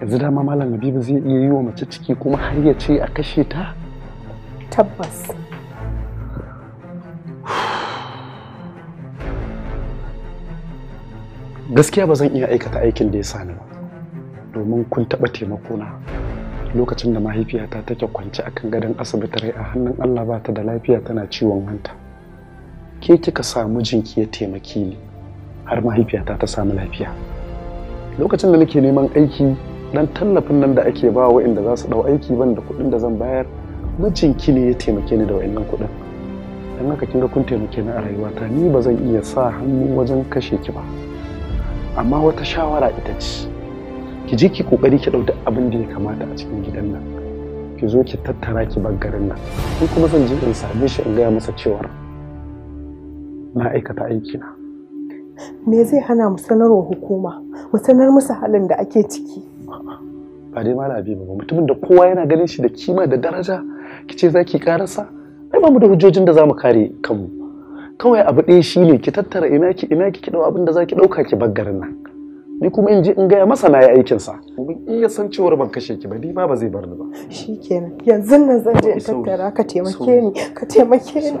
yanzu dama malam habibu zai iya yi wa mace ciki kuma har ya ce a kashe ta tabbas gaskiya ba zan iya aikata aikin da ya sani ba domin kun taɓa taimakona lokacin da mahaifiyata take kwance akan gadon asibiti rai a hannun Allah ba ta da lafiya tana ciwon hanta ke kika samu jinki ya taimaki ni har mahaifiyata ta samu lafiya lokacin da nake neman aiki dan tallafin nan da ake ba inda za su dau aiki ban da kuɗin da zan bayar mijinki ne ya taimake ni da wayannan kuɗin don haka kinga kun taimake ni a rayuwata ni ba zan iya sa hannu wajen kashe ki ba amma wata shawara ita ce ki je ki kokari ki dauki abin da ya kamata a cikin gidan nan ki zo ki tattara ki bar garin nan ni kuma zan je in same shi in gaya masa cewar na aikata aiki na. me zai hana mu sanarwa hukuma mu sanar musu halin da ake ciki ba dai mala abi ba mutumin da kowa yana ganin shi da kima da daraja ki ce za karasa ai ba mu da hujjojin da za mu kare kanmu kawai abu ɗaya shine ki tattara ina ki ina ki ki abin da za ki ɗauka ki bar garin nan ni kuma in ji in gaya masa na yi aikin sa domin in ya san cewar ban kashe ki ba ni ma ba zai bar ni ba shikenan yanzu nan zan je in tattara ka taimake ni ka taimake ni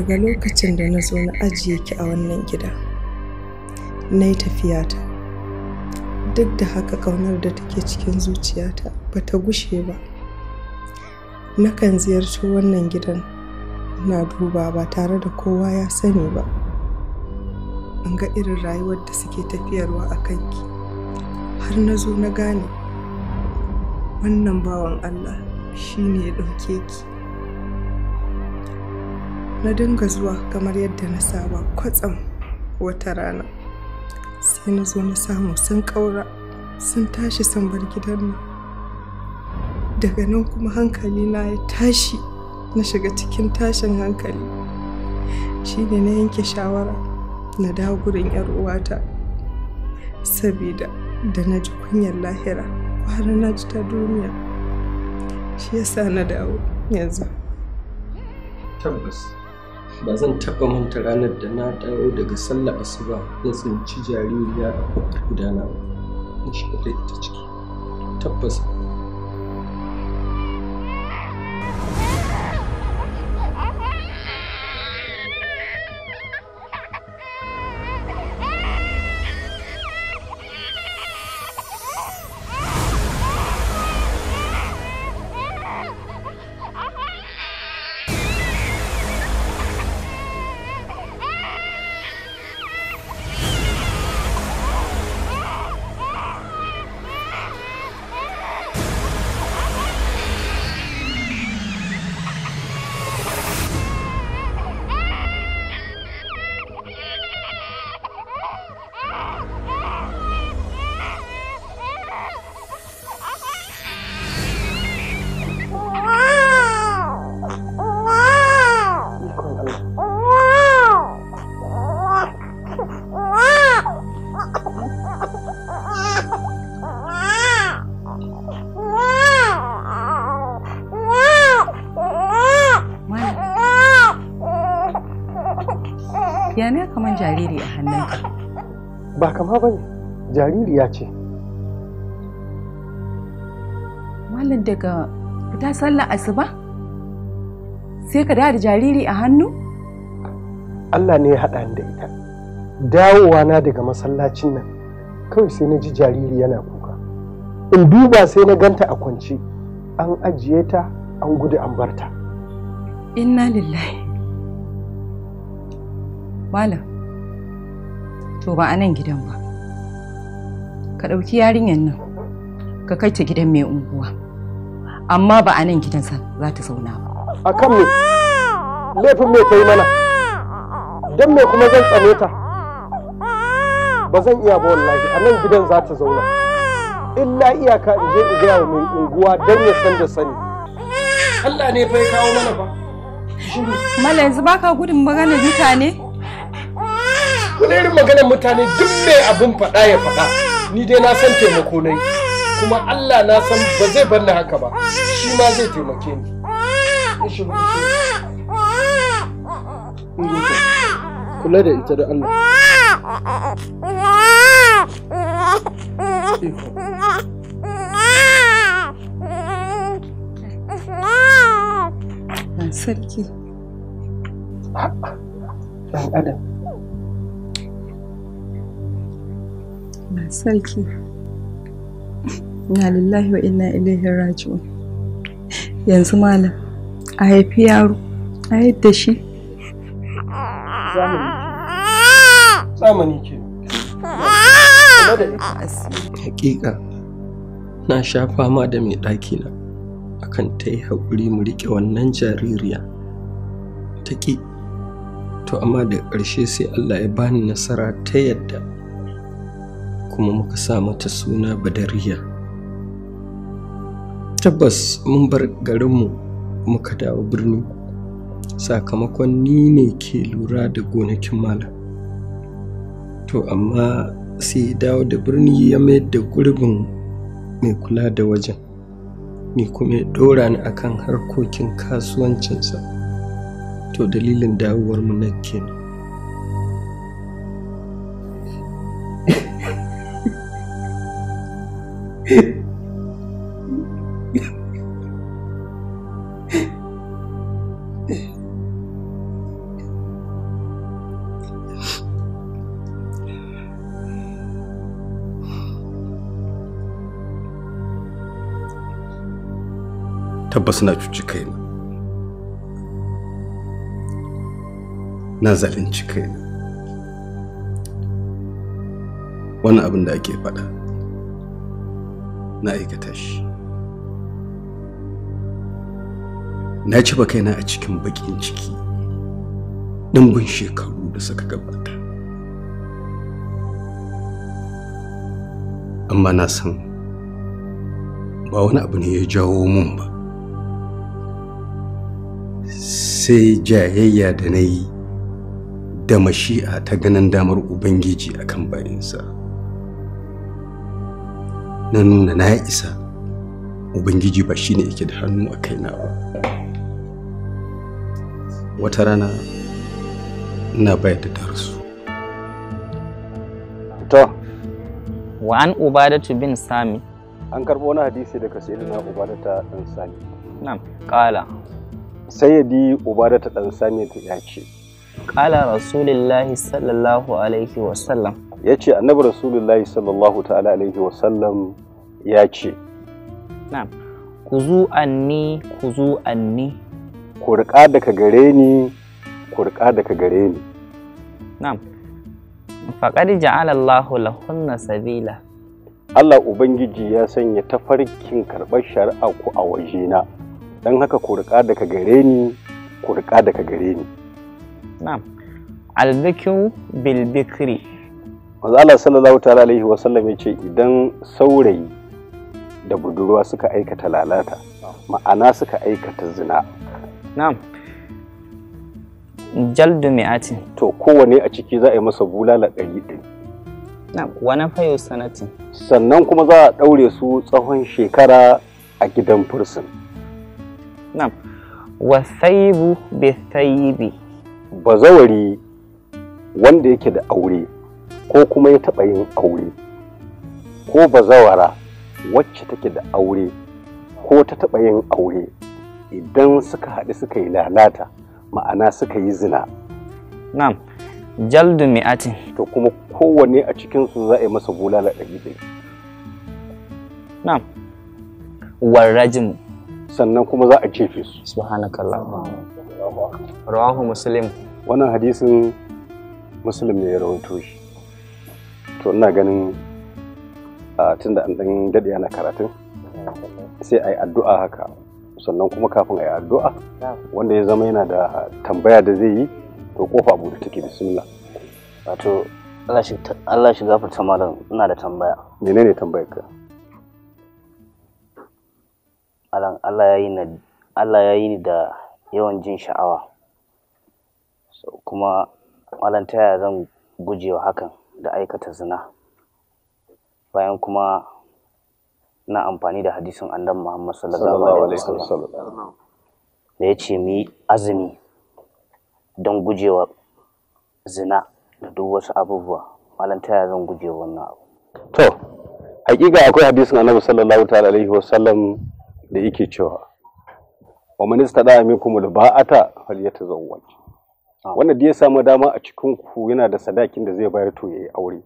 daga lokacin da na zo na ajiye ki a wannan gida na yi tafiyata duk da haka ƙaunar da take cikin zuciyata ba ta gushe ba nakan ziyarci wannan gidan na duba ba tare da kowa ya sani ba An ga irin rayuwar da suke tafiyarwa a kanki har na zo na gane wannan bawan allah shi ne ya ɗauke ki na dinga zuwa kamar yadda na saba kwatsam wata rana sai na zo na samu sun ƙaura sun tashi sun bar gidan nan daga nan kuma hankali na ya tashi na shiga cikin tashin hankali shi ne na yanke shawara na dawo gurin 'yar uwata sabida da na ji kunyar lahira kwanan na ji ta duniya shi yasa na dawo yanzu tabbas ba zan taɓa manta ranar da na dawo daga sallar asuba na tsinci jaririya a gudana ba in shiga da ita ciki tabbas ya ce malin daga fita sallar asuba sai ka da jariri a hannu Allah ne ya haɗa da ita dawowa na daga masallacin nan kawai sai na ji jariri yana kuka in duba sai na ganta a kwance an ajiye ta an gudu an barta inna lillahi malam to ba a nan gidan ba ka ɗauki yarinyar nan ka kai ta gidan mai unguwa amma ba a nan gidansa za ta zauna ba a kan me laifin me ta yi mana don me kuma zan tsane ta ba zan iya ba wallahi a nan gidan za ta zauna illa iyaka in je in gaya mai unguwa don ya san da sani Allah ne bai kawo mana ba Mala yanzu baka gudun maganar mutane? Kuna irin maganar mutane duk mai abin faɗa ya faɗa. ni dai na san taimako na kuma Allah na san ba zai bar ni haka ba shi ma zai taimake ni kula da ita da Allah sarki ah, ah, ah. adam Allah sarki. na lillahi wa inna ilaihi raji'un. Yanzu malam, a haifi yaro, a yadda shi. Zamani ke. Hakika, na sha fama da mai na akan ta yi haƙuri mu riƙe wannan jaririya. Ta to amma da ƙarshe sai Allah ya bani nasara ta yadda kuma muka sa mata suna badariya tabbas mun bar garinmu muka dawo birni sakamakon ni ne ke lura da gonakin malam to amma sai ya dawo da birni ya mayar da gurbin mai kula da wajen ni kuma ya ɗora ni akan harkokin kasuwancinsa to dalilin dawowar mu nan kenan tabbas na cuci kaina na zalunci kaina wannan abin da ake faɗa na aikata shi na ci ba kaina a cikin baƙin ciki ɗimbin shekaru da suka gabata amma na san ba wani abu ne ya jawo mun ba sai jayayya da na yi da mashi'a ta ganin damar ubangiji a kan bayansa na nuna na isa ubangiji ba shi ne yake da hannu a kaina ba wata rana ina bai da darsu to wa an ubadatu bin sami an karbo wani hadisi daga na ubadata dan sami na'am qala sayyadi ubada ta ɗan sani ta yace. qala rasulullahi sallallahu alaihi wasallam ya ce annabi rasulullahi sallallahu ta'ala alaihi wasallam ya ce na'am ku anni ku anni kurqa daga gare ni kurqa daga gare ni na'am ja'ala Allahu lahunna sabila Allah Ubangiji ya sanya tafarkin karɓar shari'a ku a wajena. na don haka ku riƙa daga gare ni ku riƙa daga gare ni na'am alzikiru bil bikri Allah sallallahu ta'ala alaihi wa sallam ce idan saurayi da budurwa suka aikata lalata ma'ana suka aikata zina na'am jaldu mi'atin to kowane a ciki za a yi masa bulala ɗari ɗari wani fayo sanatin sannan kuma za a ɗaure su tsawon shekara a gidan fursun na'am wa saibu bi saibi wanda yake da aure ko kuma ya taɓa yin aure ko bazawara wacce take da aure ko ta taɓa yin aure idan suka haɗu suka yi lalata ma'ana suka yi zina na'am jaldu mi'atin to kuma kowanne a cikinsu za a yi masa bulala ɗari ɗari na'am warrajin sannan kuma za a jefe su subhanakallah rawahu muslim wannan hadisin muslim ne ya rawaito shi to ina ganin tun da an dan dade ana karatun sai a yi addu'a haka sannan kuma kafin a yi addu'a wanda ya zama yana da tambaya da zai yi to kofa abu da take bismillah wato Allah shi gafarta malam ina da tambaya menene tambayar ka Allah ya yi ni da yawan jin sha'awa kuma malam ta yaya zan gujewa hakan da aikata zina bayan kuma na amfani da hadisin annabi Muhammad sallallahu alaihi wasallam da ya ce mu yi azumi don gujewa zina da duk wasu abubuwa malam ta yaya zan gujewa wannan abu to hakika akwai hadisin annabi sallallahu alaihi wasallam da yake cewa wa minista da da ba'ata falyatazawwaj ah. wannan da ya samu dama a cikin ku yana da sadakin da zai bayar to yayi aure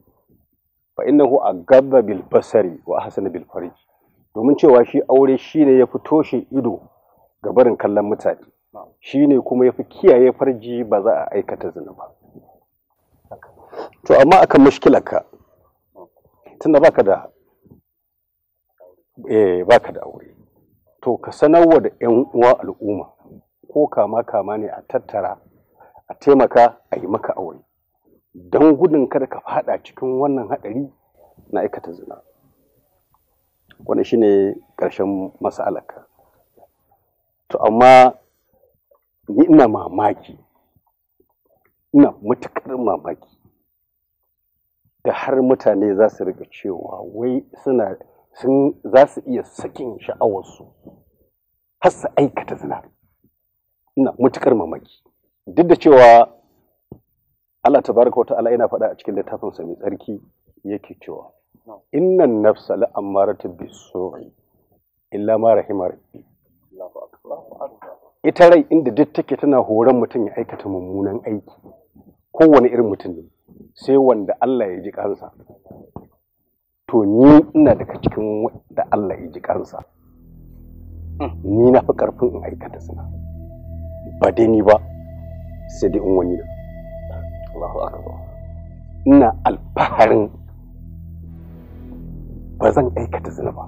fa innahu agabba bil basari wa ahsana bil domin cewa shi aure shine ya fito shi ido ga barin kallon mutane ah. shine kuma ya fi kiyaye farji ba za a aikata zina ba to amma akan mushkilarka ah. tunda baka da eh baka da aure to ka sanarwa da 'yan uwa al'umma ko kama kama ne a tattara a taimaka a yi maka aure don gudun kada ka fada cikin wannan haɗari na aikata zina wani shine ƙarshen masalaka to amma ni ina mamaki ina matuƙar mamaki da har mutane za su riga cewa wai suna sun za su iya sakin sha'awarsu har su aikata zina ina mutukar mamaki duk da cewa Allah baraka wata ta'ala yana faɗa a cikin littafin sa mai tsarki yake cewa innan nafsa amaratu bisu'i illa ma rahima rabbi ita rai inda duk take tana horon mutum ya aikata mummunan aiki kowane irin mutum ne sai wanda Allah ya ji kansa to ni ina daga cikin da Allah ya ji kansa ni na fi karfin in aikata suna ba dai ni ba sai dai in wani na Allahu akbar ina alfaharin ba zan aikata zina ba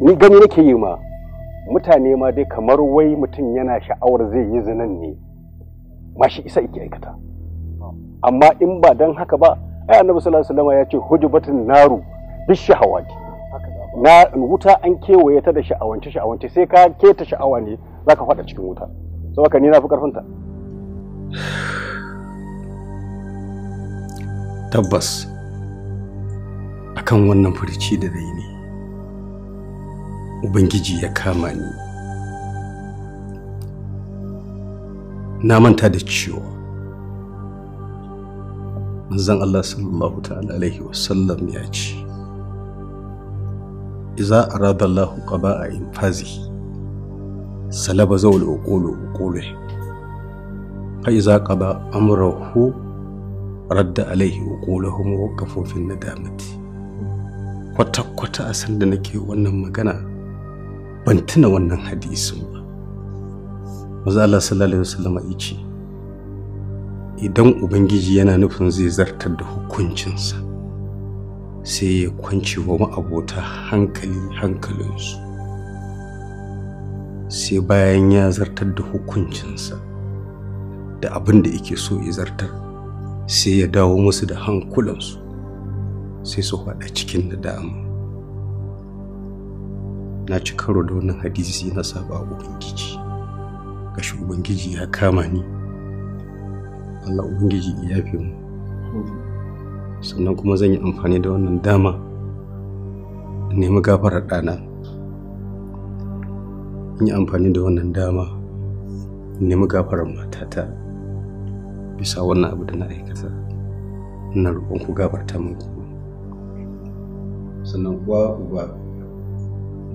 ni gani nake yi ma mutane ma dai kamar wai mutum yana sha'awar zai yi zinan ne ma shi isa yake aikata amma in ba don haka ba ai annabi sallallahu alaihi wasallam ya ce hujubatun naru bish na wuta an kewaye ta da sha'awance sha'awance sai ka ta sha'awa ne zaka fada cikin wuta saboda ni na fi karfin ta tabbas akan wannan furici da dai ne ubangiji ya kama ni na manta da ciwo. manzon Allah sallallahu ta'ala alaihi wasallam ya ce iza arada Allah qaba infazi salaba zawul uqulu uqulu fa iza qaba amrahu radda alaihi uquluhum wa waqafu fi nadamati kwata kwata a san da nake wannan magana ban tuna wannan hadisin ba manzo Allah sallallahu alaihi wasallam ya ce idan ubangiji yana nufin zai zartar da hukuncinsa sai ya kwance wa ma'abota hankali hankalinsu sai bayan ya zartar da hukuncinsa da abin da yake so ya zartar sai ya dawo musu da hankulansu sai su faɗa cikin nadama na ci karo da wannan hadisi na saba ubangiji gashi ubangiji ya kama ni Allah Ubangiji ya yafe mu sannan kuma zan yi amfani da wannan dama nemi gafarar ɗana yi amfani da wannan dama nemi gafarar matata bisa wannan abu da na aikata na roƙon ku gafarta min ku sannan kuwa uba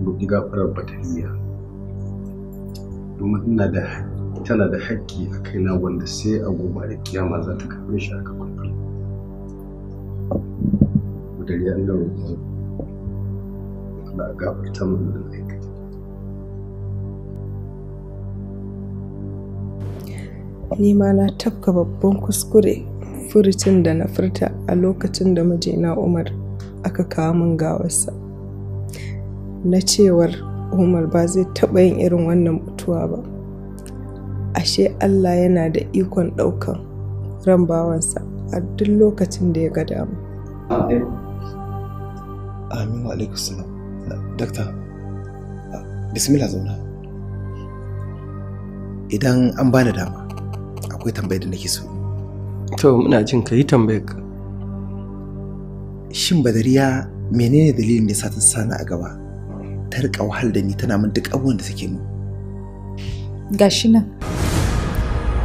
roƙi gafarar batariya domin ina da tana da haƙƙi a kaina wanda sai a goma da kiyama za ta karɓe shi a gaban Allah. Dare an da roƙo Allah a ta mana da kai. Ni ma na tafka babban kuskure furucin da na furta a lokacin da mijina Umar aka kawo min gawarsa. Na cewar Umar ba zai taɓa yin irin wannan mutuwa ba. ashe Allah yana da ikon ɗaukan ran bawansa a duk lokacin da ya ga dama. Amin wa alaikusalam. Dakta, bismillah zauna. Idan an bani dama, akwai tambayar da nake so. To, muna jin ka yi tambayar ka. Shin badariya menene dalilin da ya sa ta sani a gaba? Ta riƙa wahal da ni tana min duk abubuwan da take mu. Gashi nan.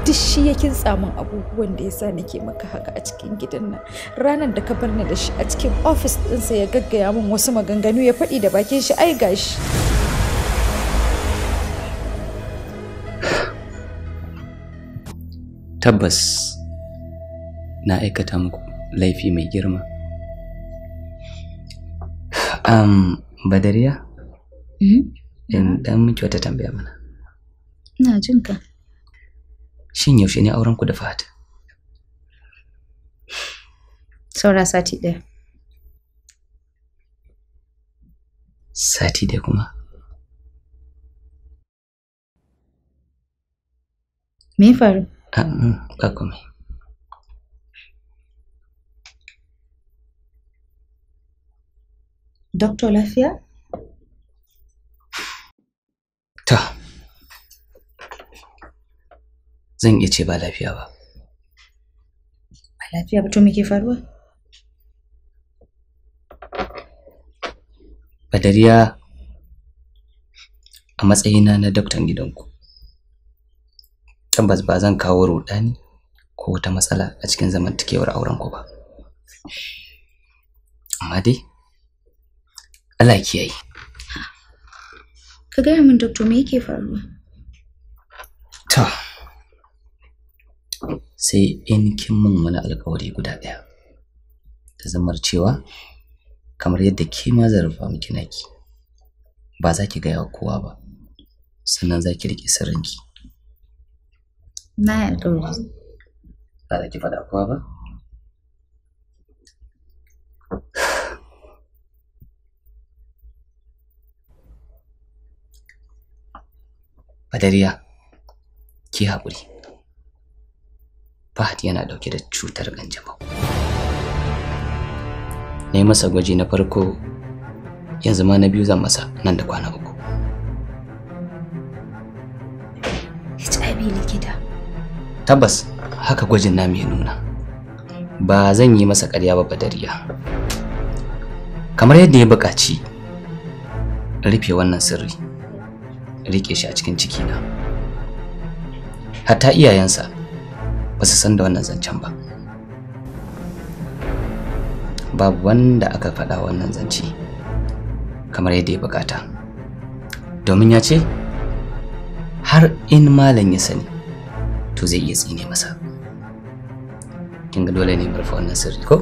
duk shi ya kintsa abubuwan da ya sa nake maka haka a cikin gidan nan ranar da ka bar ni da shi a cikin ofis ɗinsa ya gaggaya min wasu maganganu ya faɗi da bakin shi ai gashi tabbas na aikata muku laifi mai girma um, badariya mm-hmm. in dan miki wata tambaya mana jinka Shin yaushe ne auren ku da Fahad? Saura sati ɗaya. Sati ɗaya kuma? Me faru? Ba kome. Doktor lafiya? Ta. zan iya ce ba lafiya ba ba lafiya ba to me ke faruwa badariya a matsayina na daktan gidanku tabbas ba zan kawo rudani ko wata matsala a cikin zamantakewar aurenku ba amma dai Allah kiyaye ka gaya min doctor me yake faruwa to sai in kin min wani alkawari guda ɗaya ta zamar cewa kamar yadda ke ma zarafa miki naki ba za ki gaya kowa ba sannan za ki riƙe sirrinki na yarda ba za ki faɗa kowa ba Badariya, ki haƙuri. Fahad yana dauke da cutar ganjamau. Na yi masa gwaji na farko yanzu ma na biyu zan masa nan da kwana uku. HIV likita. Tabbas haka gwajin na ya nuna. Ba zan yi masa karya ba badariya. Kamar yadda ya buƙaci rufe wannan sirri, rike shi a cikin ciki cikina. Hatta iyayensa ba su san da wannan zancen ba babu wanda aka faɗa wannan zance kamar yadda ya bukata domin ya ce har in malam ya sani to zai iya tsine masa kin ga dole ne mu rufe wannan sirri ko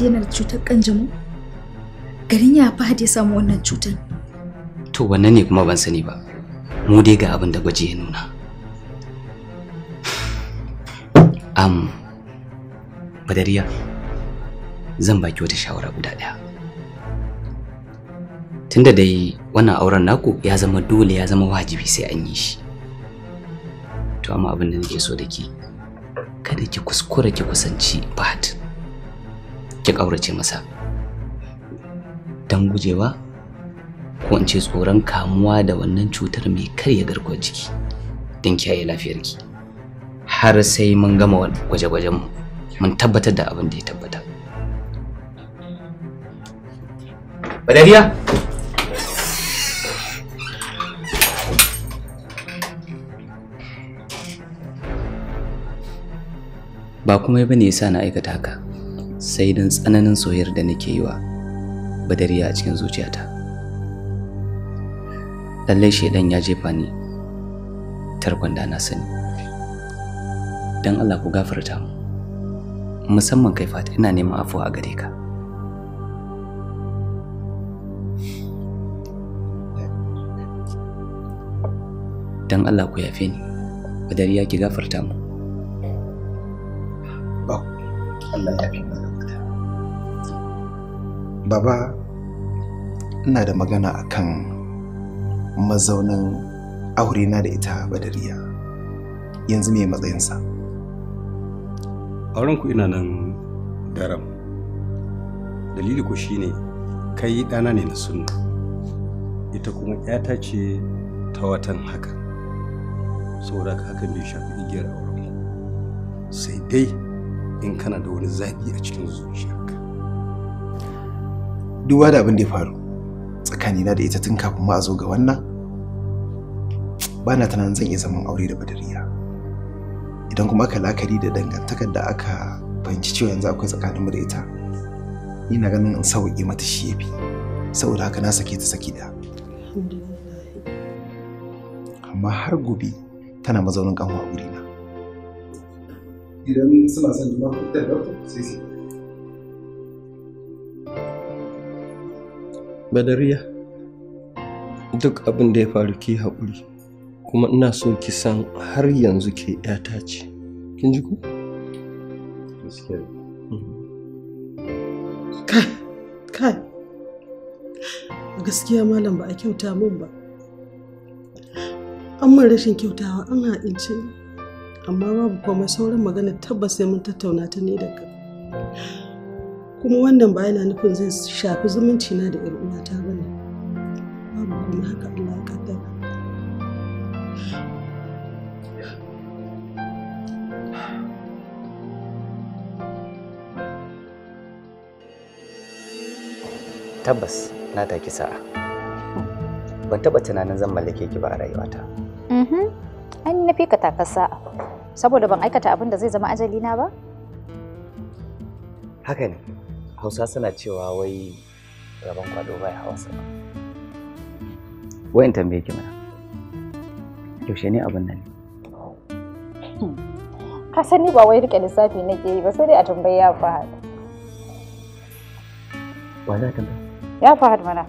daina da cutar garin ya fahad ya samu wannan cutar to wannan ne kuma ban sani ba mu dai ga abin da gwaji ya nuna am badariya zan baki wata shawara guda ɗaya tunda dai wannan auren naku ya zama dole ya zama wajibi sai an yi shi to amma abin da nake so da ki kada ki kuskura ki kusanci bad ki ƙaurace masa don gujewa ko in ce tsoron kamuwa da wannan cutar mai karya garkuwar jiki don kiyaye lafiyarki har sai mun gama gwaje-gwajen mun tabbatar da abin da ya tabbata badariya ba kuma ba ne yasa na aikata haka sai don tsananin soyayyar da nake yi wa badariya a cikin zuciyata lallai shaidan ya jefa ni tarkon da na sani don allah ku gafarta mu musamman kai fata ina neman afuwa a gare ka don allah ku yafe ni badariya ki gafarta mu Allah ya fi baba ina da magana akan mazaunin aure na da ita badariya yanzu me matsayinsa auren ku ina nan daram dalili ku shine kai ɗana ne na sunna ita kuma yata ce ta watan haka saboda haka hakan bai shafi igiyar aurenku, sai dai in kana da wani zaɓi a cikin zuciyarka duba da abin da ya faru tsakani na da ita tun kafin ma a zo ga wannan bana na tunanin zan iya zaman aure da badariya idan kuma aka lakari da dangantakar da aka fahimci cewa yanzu akwai tsakanin mu da ita ina ganin in sauƙi mata shi yafi saboda haka na sake ta saki da amma har gobe tana mazaunin kanwa wurina idan suna son juna ku da sai sai badariya duk abin da ya faru ke haƙuri kuma ina so ki san har yanzu ke ƴata ce kin ji ku mhm. kai kai gaskiya malam ba a kyauta min ba an mun rashin kyautawa an haɗince amma babu komai sauran magana tabbas sai mun tattauna ta ne da kai kuma wannan ba yana nufin zai shafi zumunci na da yar uwata ba ne babu kuma haka Allah ya kaddara tabbas na taki sa'a ban taba tunanin zan mallake ki ba a rayuwata mm-hmm. an na fi ka sa'a saboda ban aikata abin da zai zama ajali na ba haka ne hausa suna cewa wai rabon kwado bai hawa sama wayan tambaye ki mana yaushe ne abin nan ka san ni ba wai rike lissafi nake yi ba sai dai a tambayi ya fahad wa za tambaya ya fahad mana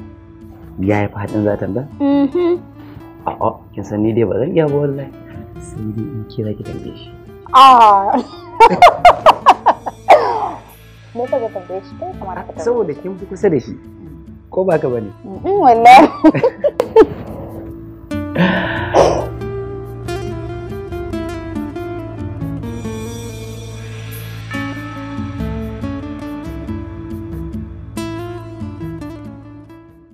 ya yi fahad din za tambaya mm-hmm. a'a kin san ni dai ba zan iya ba wallahi sai dai in kira ki tambaye shi ah mu ka tambaye shi kai kamar ka saboda kin fi kusa da shi ko ba ka bane in wallahi